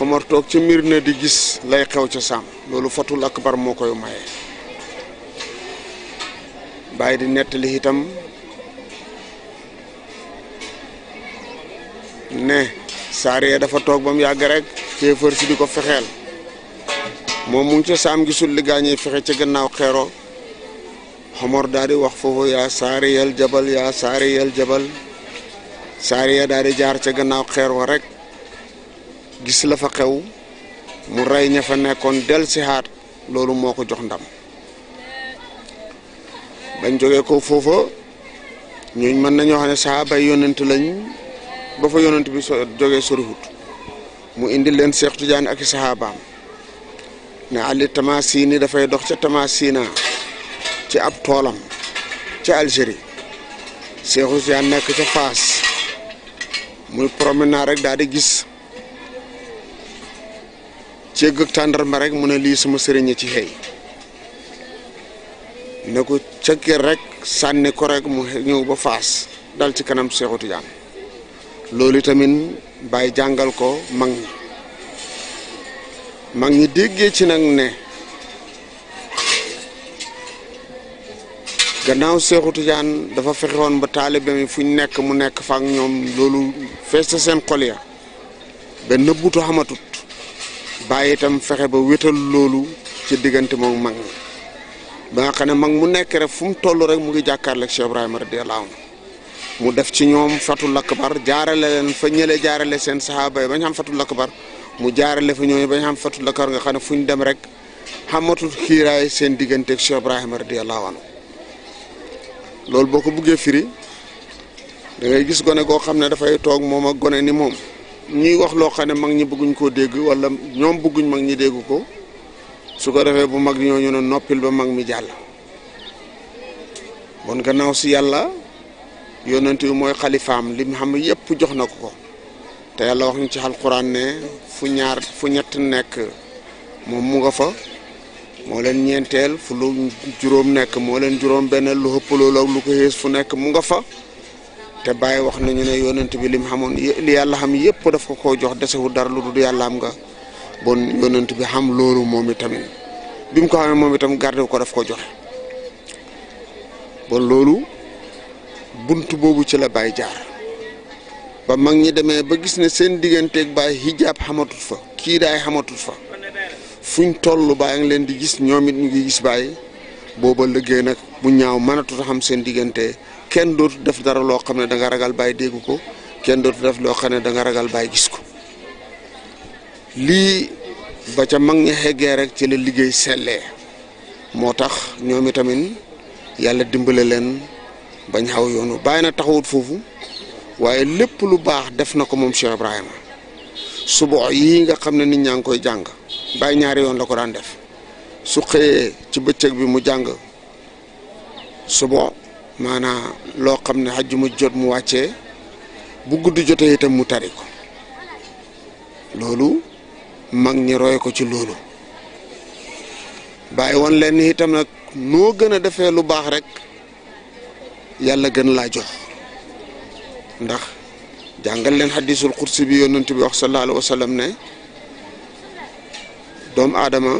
Omar toog ci miir na di gis lay xew ca saam loolu fatul bar moo koy maye bàyyi di nettali itam ne saariya dafa toog ba yàgg rekk kéefër si di ko fexeel moom mu ngi ca saam gisul li fexe ca gannaaw xeero Omar daal di wax foofu yaa saariyal jabal yaa saariyal jabal saariya daal di jaar ca gannaaw xeer wa rek gis la fa xew mu rey ña fa nekkoon del si xaat loolu moo ko jox ndam bañ jógee ko foofa ñooñ mën nañoo xam ne saxaaba yi yonent lañ ba fa yonent bi so jógee soriwut mu indi leen Seex Tijaan ak i saxaabaam ne Ali ni dafay dox ca Tamasina ci ab toolam ca Algérie Seexu Tijaan nekk ca Faas muy promenade rek daal di gis ceeg ak tàndarma rek mu ne lii sama sëriñ ci xëy ne ko ca kër rek sànni ko rekk mu ñëw ba faas dal ci kanam Seexu Tijaan loolu tamit bàyyi jàngal ko mag ñi mag ñi déggee ci nag ne gannaaw Seexu Tijaan dafa fexewoon ba taalibe mi fu nekk mu nekk fa ak ñoom loolu fees seen xol ya ba nëbbutu xamatut bàyyi itam fexe ba wétal loolu ci diggante moom mag mi ba nga xam ne mag mu nekk rek fu mu toll rek mu ngi jàkkaarloog Cheikh Ibrahima radiyallaahu anhu mu def ci ñoom fatul akbar jaarale leen fa jaarale seen saxaaba yi ba ñu xam mu jaarale fa ñooñu ba ñu xam fatul ne fu ñu dem rek xamatul xiiraay seen digganteeg Cheikh Ibrahima radiyallaahu loolu boo ko buggee firi dangay gis gone goo xam ne dafay toog moom a gone ni moom. ñuy wax loo xam ne mag ñi bëgguñ koo dégg wala ñoom bëgguñ mag ñi dégg ko su ko defee bu mag ñooñu ne noppil ba mag mi jàll bon gannaaw si yàlla yonent bi mooy xalifaam li mu xam yépp jox na ko ko te yàlla wax ñu ci alxuraan ne fu ñaar fu ñett nekk moom mu nga fa moo leen ñeenteel fu lu juróom nekk moo leen juróom benn lu ëpp loolu ak lu ko xees fu nekk mu nga fa te Baye wax nañu ne yonent bi lim xamoon li yàlla xam yëpp daf ko koo jox desewul dara lu dul yàlla am nga bon yonent bi xam loolu moom itamit bi mu ko xamee moom itam garde ko daf ko joxe bon loolu bunt boobu ci la Baye jaar. ba mag ñi demee ba gis ne seen digganteek baay hijab xamatut fa kii daay xamatut fa fuñ toll baa ngi leen di gis ñoom it ñu ngi gis baay booba liggéey nag bu ñaaw mënatut a xam seen diggante kenn dootu def dara loo xam ne da nga ragal baay dégg ko kenn dootu def loo xam ne danga ragal baay gis ko lii ba ca mag ña xeggee rek ci la liggéey sellee moo tax ñoom itamit yàlla dimbale leen bañ xaw yoonu bàyyi na taxawut foofu waaye lépp lu baax def na ko moom Cheikh Ibrahima suba yi nga xam ne nit ñaa ngi koy jàng baay ñaari yoon la ko daan def su xëyee ci bëccëg bi mu jàng suba maanaa loo xam ne àjjuma jot mu wàccee bu gudd jotee itam mu tari ko loolu mag ñi roy ko ci loolu bàyyi wan leen ni itam nag noo gën a defee lu baax rek yàlla gën laa jox ndax jàngal leen xadisul xursi bi yonent bi wax sallallahu alayhi wa ne doomu aadama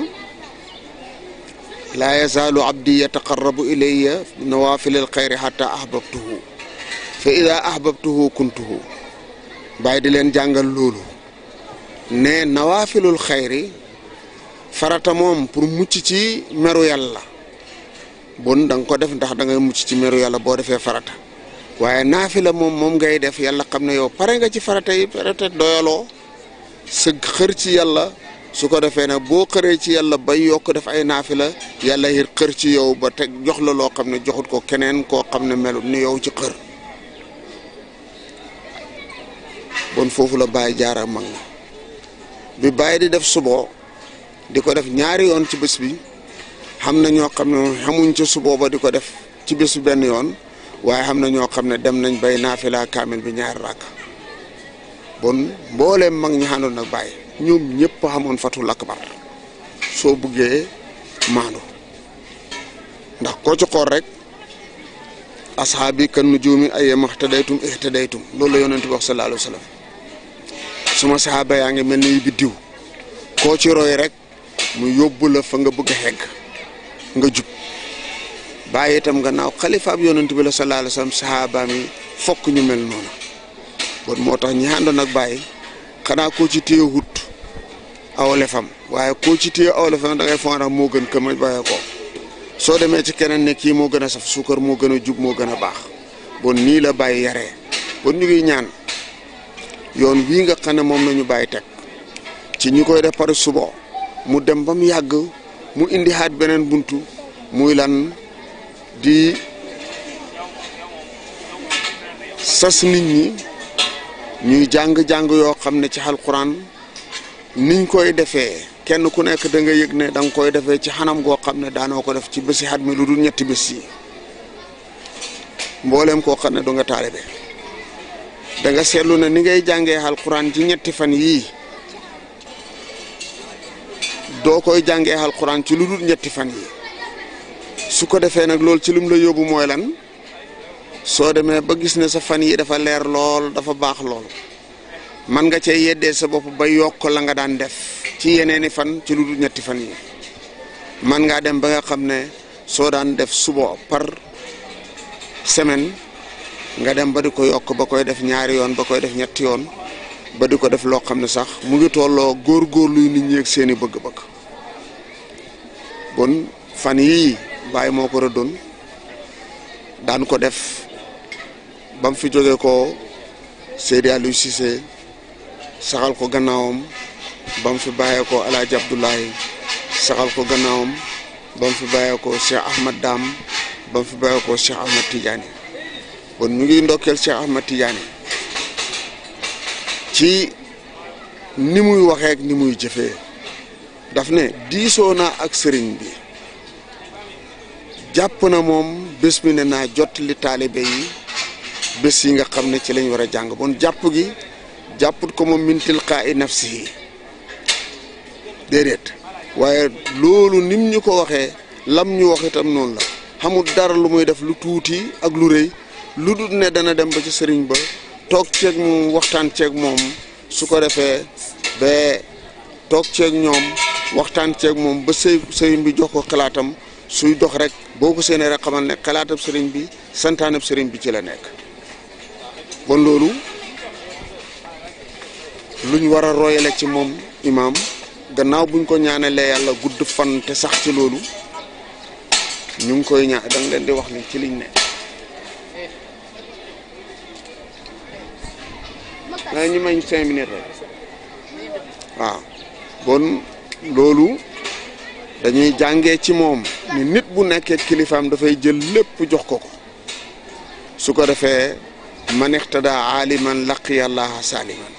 laa yazaalu abdi yataqarrabu ilayya nawaafilal xayri ahbabtuhu fa ida ahbabtuhu kuntuhu bàyyi di leen jàngal loolu ne nawaafilul xayri farata moom pour mucc ci meru yàlla bon da ko def ndax dangay mucc ci meru yàlla boo defee farata waaye naafila moom moom ngay def yàlla xam na yow pare nga ci farata yi farata doyaloo sëg xër ci yàlla su ko defee nag boo xëree ci yàlla bay yokk def ay naafi la yàlla it xër ci yow ba teg jox la loo xam ne joxut ko keneen koo xam ne melut ni yow ci xër bon foofu la bàyyi jaara mag na bi bàyyi di def suboo di ko def ñaari yoon ci bés bi xam na ñoo xam ne xamuñ ca suboo ba di ko def ci bés benn yoon waaye xam na ñoo xam ne dem nañ bay naafi laa kaamil bi ñaari rakk bon mbooleem mag ñi xandoon nag bàyyi ñoom xamoon fatu lakk akbar soo buggee maandu ndax koo ci xool rek asxaabi kan nu nujuumi ay maxtadaytum ihtadaytum loolu la yonent bi wax sallallahu alayhi wa sallam suma saxaaba yaa ngi mel ni biddiw koo ci roy rek mu yóbbu la fa nga bëgg a xegg nga jub bàyyi itam gannaaw xalifaab yonent bi la sallallahu alayhi wa sallam saxaabaam yi fokk ñu mel noonu bon moo tax ñi àndoon bàyyi xanaa koo ci téye wut aw lefam waaye koo ci téye aw lefam da ngay moo gën këma bàyyee ko soo demee ci keneen ne kii moo gën a saf suukar moo gën a jub moo gën a baax bon nii la bàyyi yaree bon ñu ngi ñaan yoon wii nga xam ne moom la ñu bàyyi teg ci ñi koy def par suba mu dem ba mu yàgg mu indi xaat beneen buntu muy lan di sas nit ñi. ñuy jàng-jàng yoo xam ne ci alquran niñ koy defee kenn ku nekk da nga yëg ne danga koy defee ci xanam goo xam ne daanoo ko def ci bési xat mi lu dul ñetti bis yi mbooleem koo xam ne du nga taalibe danga seetlu ne ni ngay jàngee alquran ci ñetti fan yii doo koy jàngee alquran ci lu dul ñetti fan yi su ko defee nag loolu ci lim la yóbbu mooy lan soo demee ba gis ne sa fan yi dafa leer lool dafa baax lool man nga cee yeddee sa bopp ba yokk la nga daan def ci yeneeni fan ci lu ñetti fan yi man ngaa dem ba nga xam ne soo daan def subo par semaine nga dem ba di ko ba koy def ñaari yoon ba koy def ñetti yoon ba di def loo xam ne sax mu ngi tolloo góorgóorlu nit ñi ak seeni bëgg-bëgg bon fan yii bàyyi moo ko rëddoon daan ko def ba mu fi jógee ko Seydi sise saxal ko gannaawam ba mu fi bàyyee ko El saxal ko gannaawam ba mu fi bàyyee ko Cheikh Ahmad Dam ba mu fi bàyyee ko Cheikh Ahmad Tidiane kon ñu ngi ndokkeel Cheikh Ahmad Tidiane ci ni muy waxee ni muy jëfee daf ne diisoo naa ak sëriñ bi jàpp na moom bés naa jot li taalibe yi. bés yi nga xamne ne ci lañ wara jang bon japp gi jàpput ko mo min tilqaa'i nafsihi déedéet waye lolu nim ñu ko waxe lam ñu waxe tam non la xamul dara lu muy def lu tuti ak lu reey lu ne dana dem ba ci sëriñ ba ak mom waxtan ci be mom su ko tok ci ak ñom waxtan ci ak mom ba sey bi jox ko xalaatam suy dox rek boo seené rek xamal ne xalaatam sëriñ bi santaanab sëriñ bi ci la nek bon loolu luñ war a royale ci moom imaam gannaaw buñ ko ñaanalee yàlla gudd fan sax ci loolu ñu ngi koy ñaan danga leen di wax ni ci liñ ne na ñu mañ cinq loolu dañuy jàngee ci moom ni nit bu nekkee kilifaam dafay jël lépp jox ko ko su ko defee man ixtadaa aaliman laqiya llaaha saaliman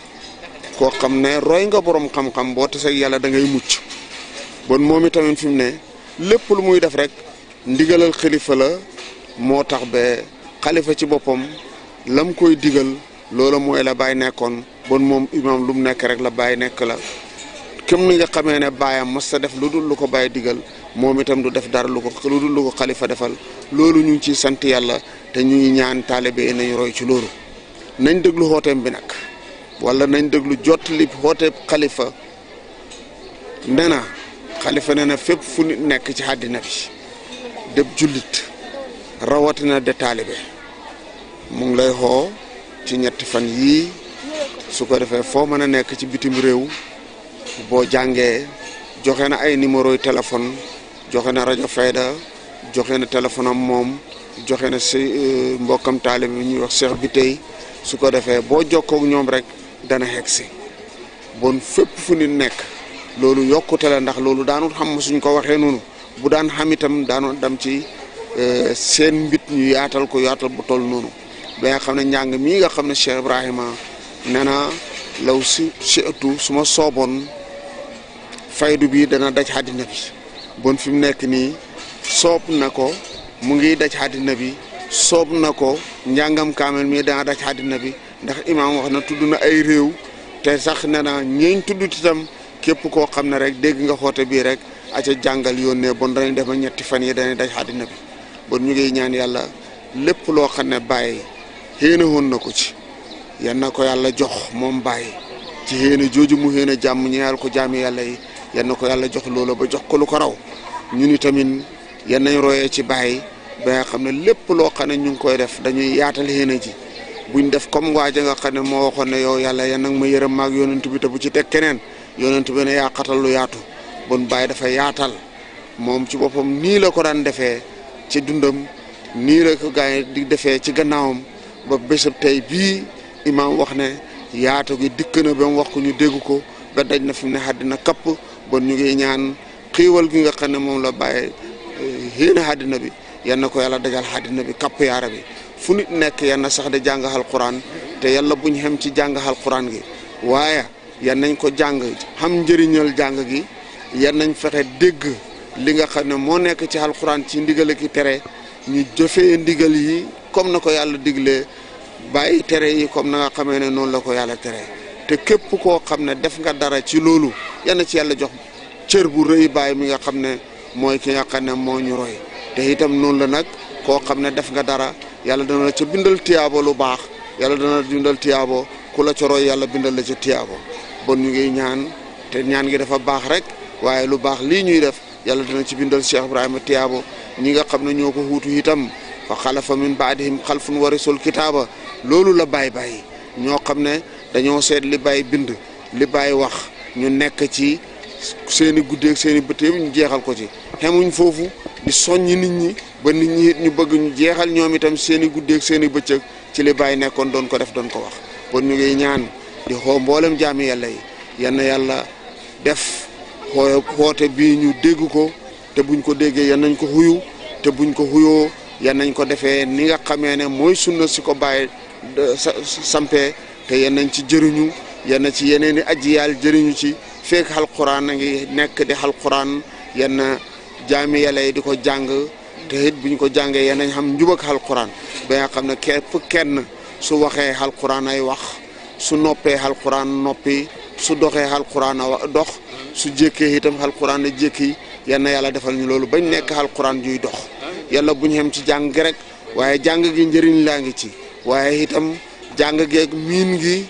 koo xam ne roy nga boroom xam-xam boo taseeg yàlla dangay mucc bon moom itamit fi mu ne lépp lu muy def rek ndigalal xilifa la moo tax ba xalifa ci boppam lam koy digal loola mooy la bàyyi nekkoon bon moom imaam lu mu nekk rek la bàyyi nekk la kem ni nga xamee ne baayam mas sa def lu dul lu ko bàyyi digal moom itam du def dara lu ko lu xalifa defal loolu ñu ciy sant yàlla te ñuy ñaan taalibe yi nañ roy ci loolu nañ déglu xooteem bi nag walla nañ déglu jottali xooteeb xalifa nee xalifa nee na fépp fu nit nekk ci àddina bi deb jullit rawatina de taalibe mu ngi lay xoo ci ñetti fan yii su ko defee foo mën a nekk ci bitim réew boo jàngee joxe na ay numéro yu téléphone joxe na rajo Fayda joxe na téléphone moom joxe na si eh, mbokkam taalibe bi ñuy wax Cheikh bi tey su ko defee boo jokkoo ñoom rek dana xeg si bon fépp fu nit nekk loolu yokkute la ndax loolu daanul xam suñ ko waxee noonu bu daan xam itam daanu dem ci eh, seen mbit ñu yaatal ko yaatal bu toll noonu ba nga xam ne njàng mii nga xam ne Cheikh Ibrahima nee na law si si ëttu suma sooboon faydu bii dana daj àddina bi bon fi mu nekk nii soob na ko mu ngi daj àddina bi soob na ko njàngam kaamel mi dana daj àddina bi ndax imaam wax na tudd na ay réew te sax ne na ñeeñ tudd tam képp koo xam ne rek dégg nga xoote bii rek a ca jàngal ne bon danañ def ñetti fan yi danañ daj àddina bi bon ñu ngi ñaan yàlla lépp loo xam ne bàyyi xéene woon na ko ci yan na ko yàlla jox moom bàyyi ci xéene jooju mu xéene jàmm ñeel ko jaami yàlla yi yan na ko yàlla jox loola ba jox ko lu ko raw ñun itamit yan nañ royee ci bàyyi ba nga xam ne lépp loo xam ne ñu ngi koy def dañuy yaatal xéene ji ñu def comme waa ja nga xam ne moo waxoon ne yow yàlla yan nag ma yërëm maag yonent bi bu ci teg keneen yonent bi ne yaa xatal yaatu bon bàyyi dafa yaatal moom ci boppam nii la ko daan defee ci dundam nii la ko gaa yi di defee ci gannaawam ba bésab tey bii imaam wax ne yaatu gi dikk na ba mu wax ko ñu dégg ko ba daj na fi mu ne àddina kapp bon ñu ngi ñaan xiiwal gi nga xam ne moom la bàyyi yéene àddina bi yan na ko yàlla dajal àddina bi kapp yaara bi fu nit nekk yan na sax di jàng alquran te yàlla buñ xem ci jàng alquran gi waaye yan nañ ko jàng xam njëriñal jàng gi yan nañ fexe dégg li nga xam ne moo nekk ci alquran ci ndigal ki tere ñu jëfee ndigal yi comme na ko yàlla diglee bàyyi tere yi comme na nga xamee ne noonu la ko yàlla tere te képp koo xam ne def nga dara ci loolu yan na ci yàlla jox cër bu rëy bàyyi mi nga xam ne mooy ki nga xam moo ñu roy te itam noonu la nag koo xam ne def nga dara yàlla dana ca bindal tiyaabo lu baax yàlla dana la bindal ku la ca yàlla bindal la ca tiyaabo bon ñu ngi ñaan te ñaan gi dafa baax rek waaye lu baax lii ñuy def yàlla dana ci bindal Cheikh Ibrahima tiyaabo ñi nga xam ne ñoo ko xuutu itam fa xalafa min baadihim xalfun warisul kitaaba loolu la baay bàyyi ñoo xam ne dañoo seet li baay bind li baay wax ñu nekk ci seeni guddeeg seeni bët yëpp ñu jeexal ko ci xemuñ foofu di soññ nit ñi ba nit ñi ñu bëgg ñu jeexal ñoom itam seen i guddeeg seen i bëccëg ci li bàyyi nekkoon doon ko def doon ko wax bon ñu ngi ñaan di xoo mboolem jaami yàlla yi yann yàlla def xoo xoote bii ñu dégg ko te buñ ko déggee yan nañ ko xuyu te buñ ko xuyoo yan nañ ko defee ni nga xamee ne mooy sunna si ko bàyyi sampee te yan nañ ci jëriñu yenn ci yeneen i aji yàlla jëriñu ci fekk alxuraan a ngi nekk di alxuraan yenn jaami yàlla yi di ko jàng te it bu ñu ko jàngee yéen nañ xam njubak alquran ba nga xam ne képp kenn su waxee alquran ay wax su noppee alquran noppi su doxee alquran a dox su jékkee itam alquran a jékki yal yàlla defal ñu loolu bañ nekk alquran juy dox yàlla bu ñu xem ci jàng rek waaye jàng gi njëriñ laa ngi ci waaye itam jàng geeg miin gi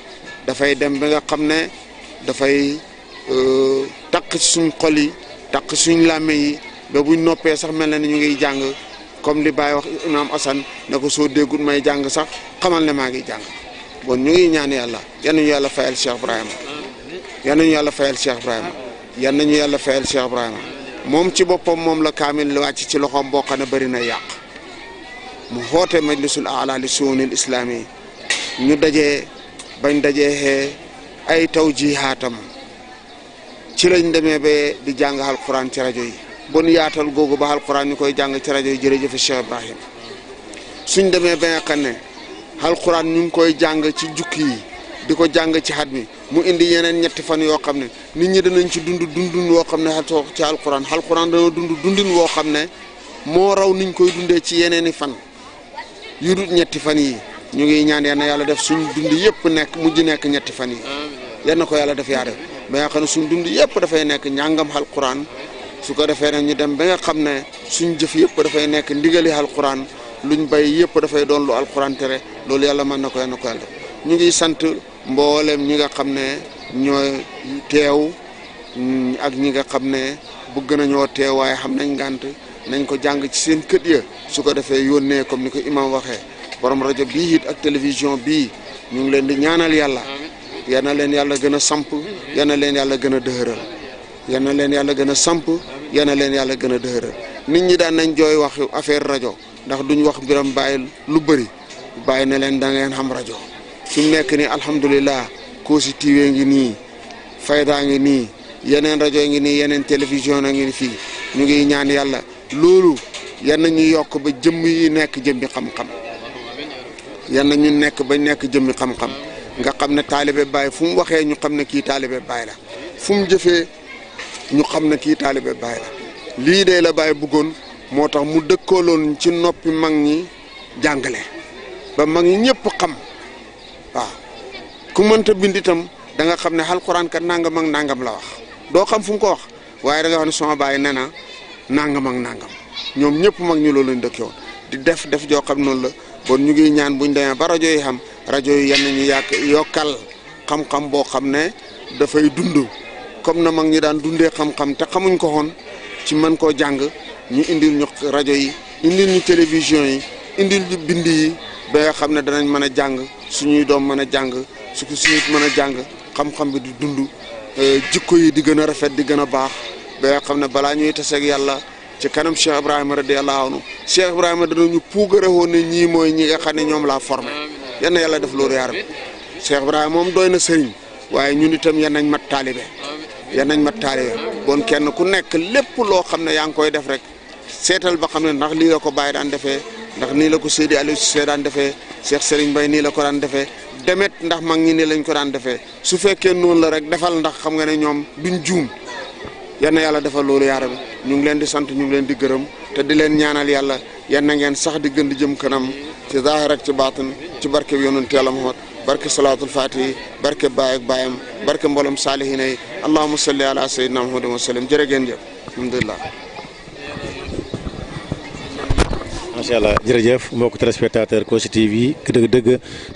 dafay dem ba nga xam ne dafay euh, takk ci suñ xol yi takk suñ làmme yi ba buñ noppee sax mel na ni ñu ngi jàng comme li baay wax Imaam Assane ne ko soo déggut may jàng sax xamal ne maa ngi jàng bon ñu ngi ñaan yàlla yan nañu yàlla fayal Cheikh Ibrahima yan nañu yàlla fayal Cheikh Ibrahima yan nañu yàlla fayal Cheikh Ibrahima moom ci boppam moom la kaamil la wàcc ci loxoom boo xam ne na yàq mu xoote majlisul ala li suunil islaam yi ñu daje bañ dajee ay taw jihaatam ci lañ demee ba di jàng alquran ci rajo yi nu yaatal googu ba alquran ñu koy jàng ci rajo yi jërëjëf Cheikh Ibrahim suñ demee ba nga xam ne alquran ñu ngi koy jàng ci jukki yi di ko jàng ci xat mi mu indi yeneen ñetti fan yoo xam ne nit ñi danañ ci dund dundin woo xam ne xatoo ci alquran alquran dund dundin woo xam ne moo raw niñ koy dundee ci yeneeni fan yu dut ñetti fan yi ñu ngi ñaan yenn yàlla def suñ dund yëpp nekk mujj nekk ñetti fan yi yenn ko yàlla def yaa def ba nga xam ne suñ dund yëpp dafay nekk njàngam alquran su ko defee nag ñu dem ba nga xam ne suñ jëf yëpp dafay nekk ndigali alquran luñ bay yëpp dafay doon lu alquran tere loolu yàlla mën na ko yana ko yàlla ñu ngi sant mboolem ñi nga xam ne ñoo teew mm, ak ñi nga xam ne bëgg nañoo teew waaye xam nañ ngànt nañ ko jàng ci seen kët ya su ko defee yónnee comme ni ko imam waxee borom rajo bii it ak télévision bii ñu ngi leen di ñaanal yàlla yal na leen yàlla gën a samp yal leen yàlla gën a dëhëral yal leen yàlla gën a samp yal na leen yàlla gën a dëgëral nit ñi daan nañ jooy wax affaire rajo ndax duñ wax mbiram bàyyi lu bëri bàyyi na leen da xam rajo su mu nekk nii alhamdulilah Kossy TV ngi nii Fayda ngi nii yeneen rajo ngi nii yeneen télévision a ngi fii ñu ngi ñaan yàlla loolu yan na ñu yokk ba jëmm yi nekk jëmmi xam-xam yan na ñu nekk ba nekk jëmmi xam-xam nga xam ne taalibe bàyyi fu mu waxee ñu xam ne kii taalibe bàyyi la fu jëfee ñu xam ne kii taalibe Baay la lii de la Baay bëggoon moo tax mu dëkkoo dëkkooloon ci noppi mag ñi jàngale ba mag ñi ñëpp xam waaw ku mënta bind itam danga nga xam ne alxuraan kat nangam ak nangam la wax doo xam fu ko wax waaye da xam ne sama baay nee na nangam ak nangam ñoom ñëpp mag ñu loolu lañ dëkkee di def def joo xam noonu la bon ñu ngi ñaan bu buñ demee ba rajo yi xam rajo yi yenn ñu yàq yokkal xam-xam boo xam ne dafay dund comme na mag ñi daan dundee xam-xam te xamuñ ko woon ci man koo jàng ñu indil ñu rajo yi indil ñu télévision yi indil ñu bind yi ba nga xam ne danañ mën a jàng suñuy doom mën a jàng su ko suñu mën a jàng xam-xam bi du dund euh, jikko yi di gën a rafet di gën a baax ba xam ne balaa ñu ñuy taseeg yàlla ci kanam Cheikh Ibrahima radiyallahu anhu Cheikh Ibrahima danañu puugare woon ne ñii mooy ñu nga ñoom laa forme yan yàlla def loolu yaram Cheikh Ibrahima moom doy na sëriñ waaye ñun itam yan nañ yan nañ ma taalibe bon kenn ku nekk lépp loo xam ne yaa ngi koy def rek seetal ba xam ne ndax lii la ko bàyyi daan defee ndax nii la ko Seydi Aliou Cissé daan defee Cheikh Serigne Mbaye nii la ko daan defee demet ndax mag ñi nii lañ ko daan defee su fekkee noonu la rek defal ndax xam nga ne ñoom duñ juum yenn yàlla defal loolu yaara bi ñu ngi leen di sant ñu ngi leen di gërëm te di leen ñaanal yàlla yan na ngeen sax di gën di jëm kanam ci zaahir ak ci baatin ci barke bi yonent yàlla Muhammad بارك صلاة الفاتحة برك بايك بايم برك مبلم صالحيني اللهم صل على سيدنا محمد وسلم جرى جنجب الحمد لله macha allah jërëjëf mbokk téléspectateur Kossy yi dëgg-dëgg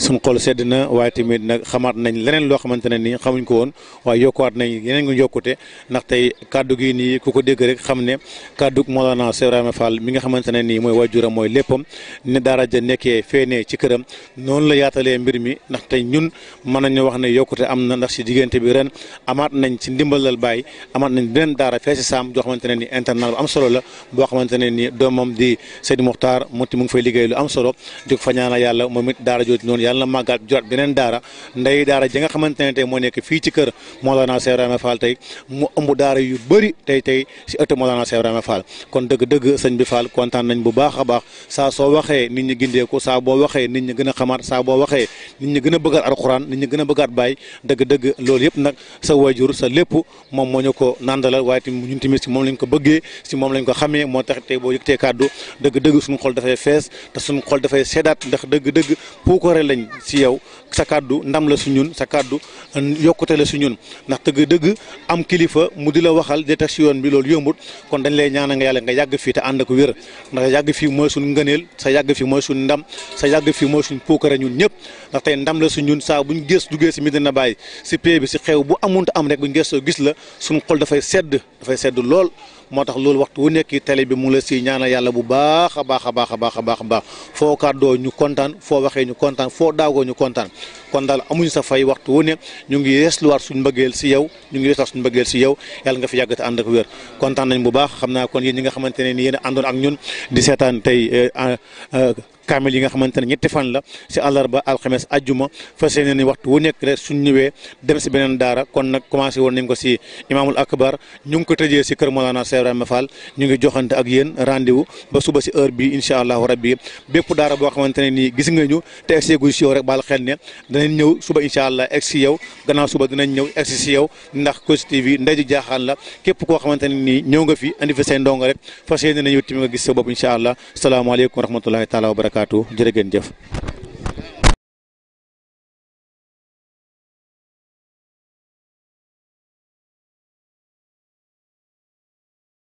suñu xol sedd na waaye tamit nag xamaat nañ leneen loo xamante nii xamuñ ko woon waaye yokkuwaat nañ yeneen ngi yokkute ndax tey kaddu gi nii ku ko dégg rek xam ne kaddu Mawlana Cheikh Ibrahima Fall mi nga xamante ne nii mooy waajuram mooy léppam ne daara ja nekkee feenee ci këram noonu la yaatalee mbir mi ndax tey ñun mën nañu wax ne yokkute am na ndax si diggante bi ren amaat nañ ci ndimbalal bàyyi amaat nañ beneen daara fee si saam joo xamante ne nii internat bu am solo la muti monti mu ngi fay liggéey lu am solo di ko fa yalla momit dara jot non yalla magal jot benen dara ndey dara ji nga xamantene tay mo nek fi ci kër Cheikh Rama Fall tay mu ëmb dara yu bëri tay tay si ëtt Mawlana Cheikh Rama Fall kon deug deug sëñ bi Fall kontaan nañ bu baax a baax saa soo waxee nit ñi ko sa bo waxe nit ñi gëna xamar sa bo waxe nit ñi gëna a alquran nit ñi gëna a bëggaat bàyyi deug dëgg yëpp nak sa wajur sa lepp mom moo ko nandalal waaye ñun timis si lañ ko bëggee ci mom lañ ko xamé mo tax tay bo kaddu deug deug suñu xol dafay fees te suñ xol dafay seddaat ndax dëgg-dëgg puukare lañ si yow sa kàddu ndam la su ñun sa kàddu yokkute la su ñun ndax dëgg-dëgg am kilifa mu di la waxal di teg si yoon bi loolu yëmbut kon dañ lay ñaanal nga yàlla nga yàgg fii te ànd ak wér ndax yàgg fii mooy suñ ngëneel sa yàgg fii mooy suñ ndam sa yàgg fii mooy suñ puukare ñun ñëpp ndax tey ndam la su ñun saa buñ gës duggee si Medina bàyyi si pee bi si xew bu amunta am rek bu gëstoo gis la suñu xol dafay sedd dafay sedd lool moo tax loolu waxtu wu nekk télé bi mu ngi la siy ñaana yàlla bu baax a baax a baax a baax a baax a baax foo kàddoo ñu kontaan foo waxee ñu kontaan foo daagoo ñu kontaan kon daal amuñu sa fay waxtu wu nekk ñu ngi yeesluwaat suñu mbëggeel si yow ñu ngi yeesluwaat suñu mbëggeel si yow yàlla nga fi yàgg te ànd ak wér kontaan nañ bu baax xam naa kon yéen ñi nga xamante ne ni yéen àndoon ak ñun di seetaan tey eh, ah, ah, kaamil yi nga xamante ne ñetti fan la si àllarba alxames ajjuma fas yéene ni waxtu wu nekk rek suñ ñëwee dem si beneen daara kon nag commencé woon nañ ko si imaamul akbar ñu ngi ko tëjee joxante ak yéen rendez ba suba si heure bi incha allahu rabbi bépp daara boo xamante ne gis nga ñu te egsi guñ si yow rek baal xel ne danañ ñëw suba incha allah egsi yow gannaaw suba dinañ ñëw egsi si yow ndax Kossy TV jaaxaan la képp koo xamante ne nii ñëw nga fi andi fi barakaatu jërë ngeen jëf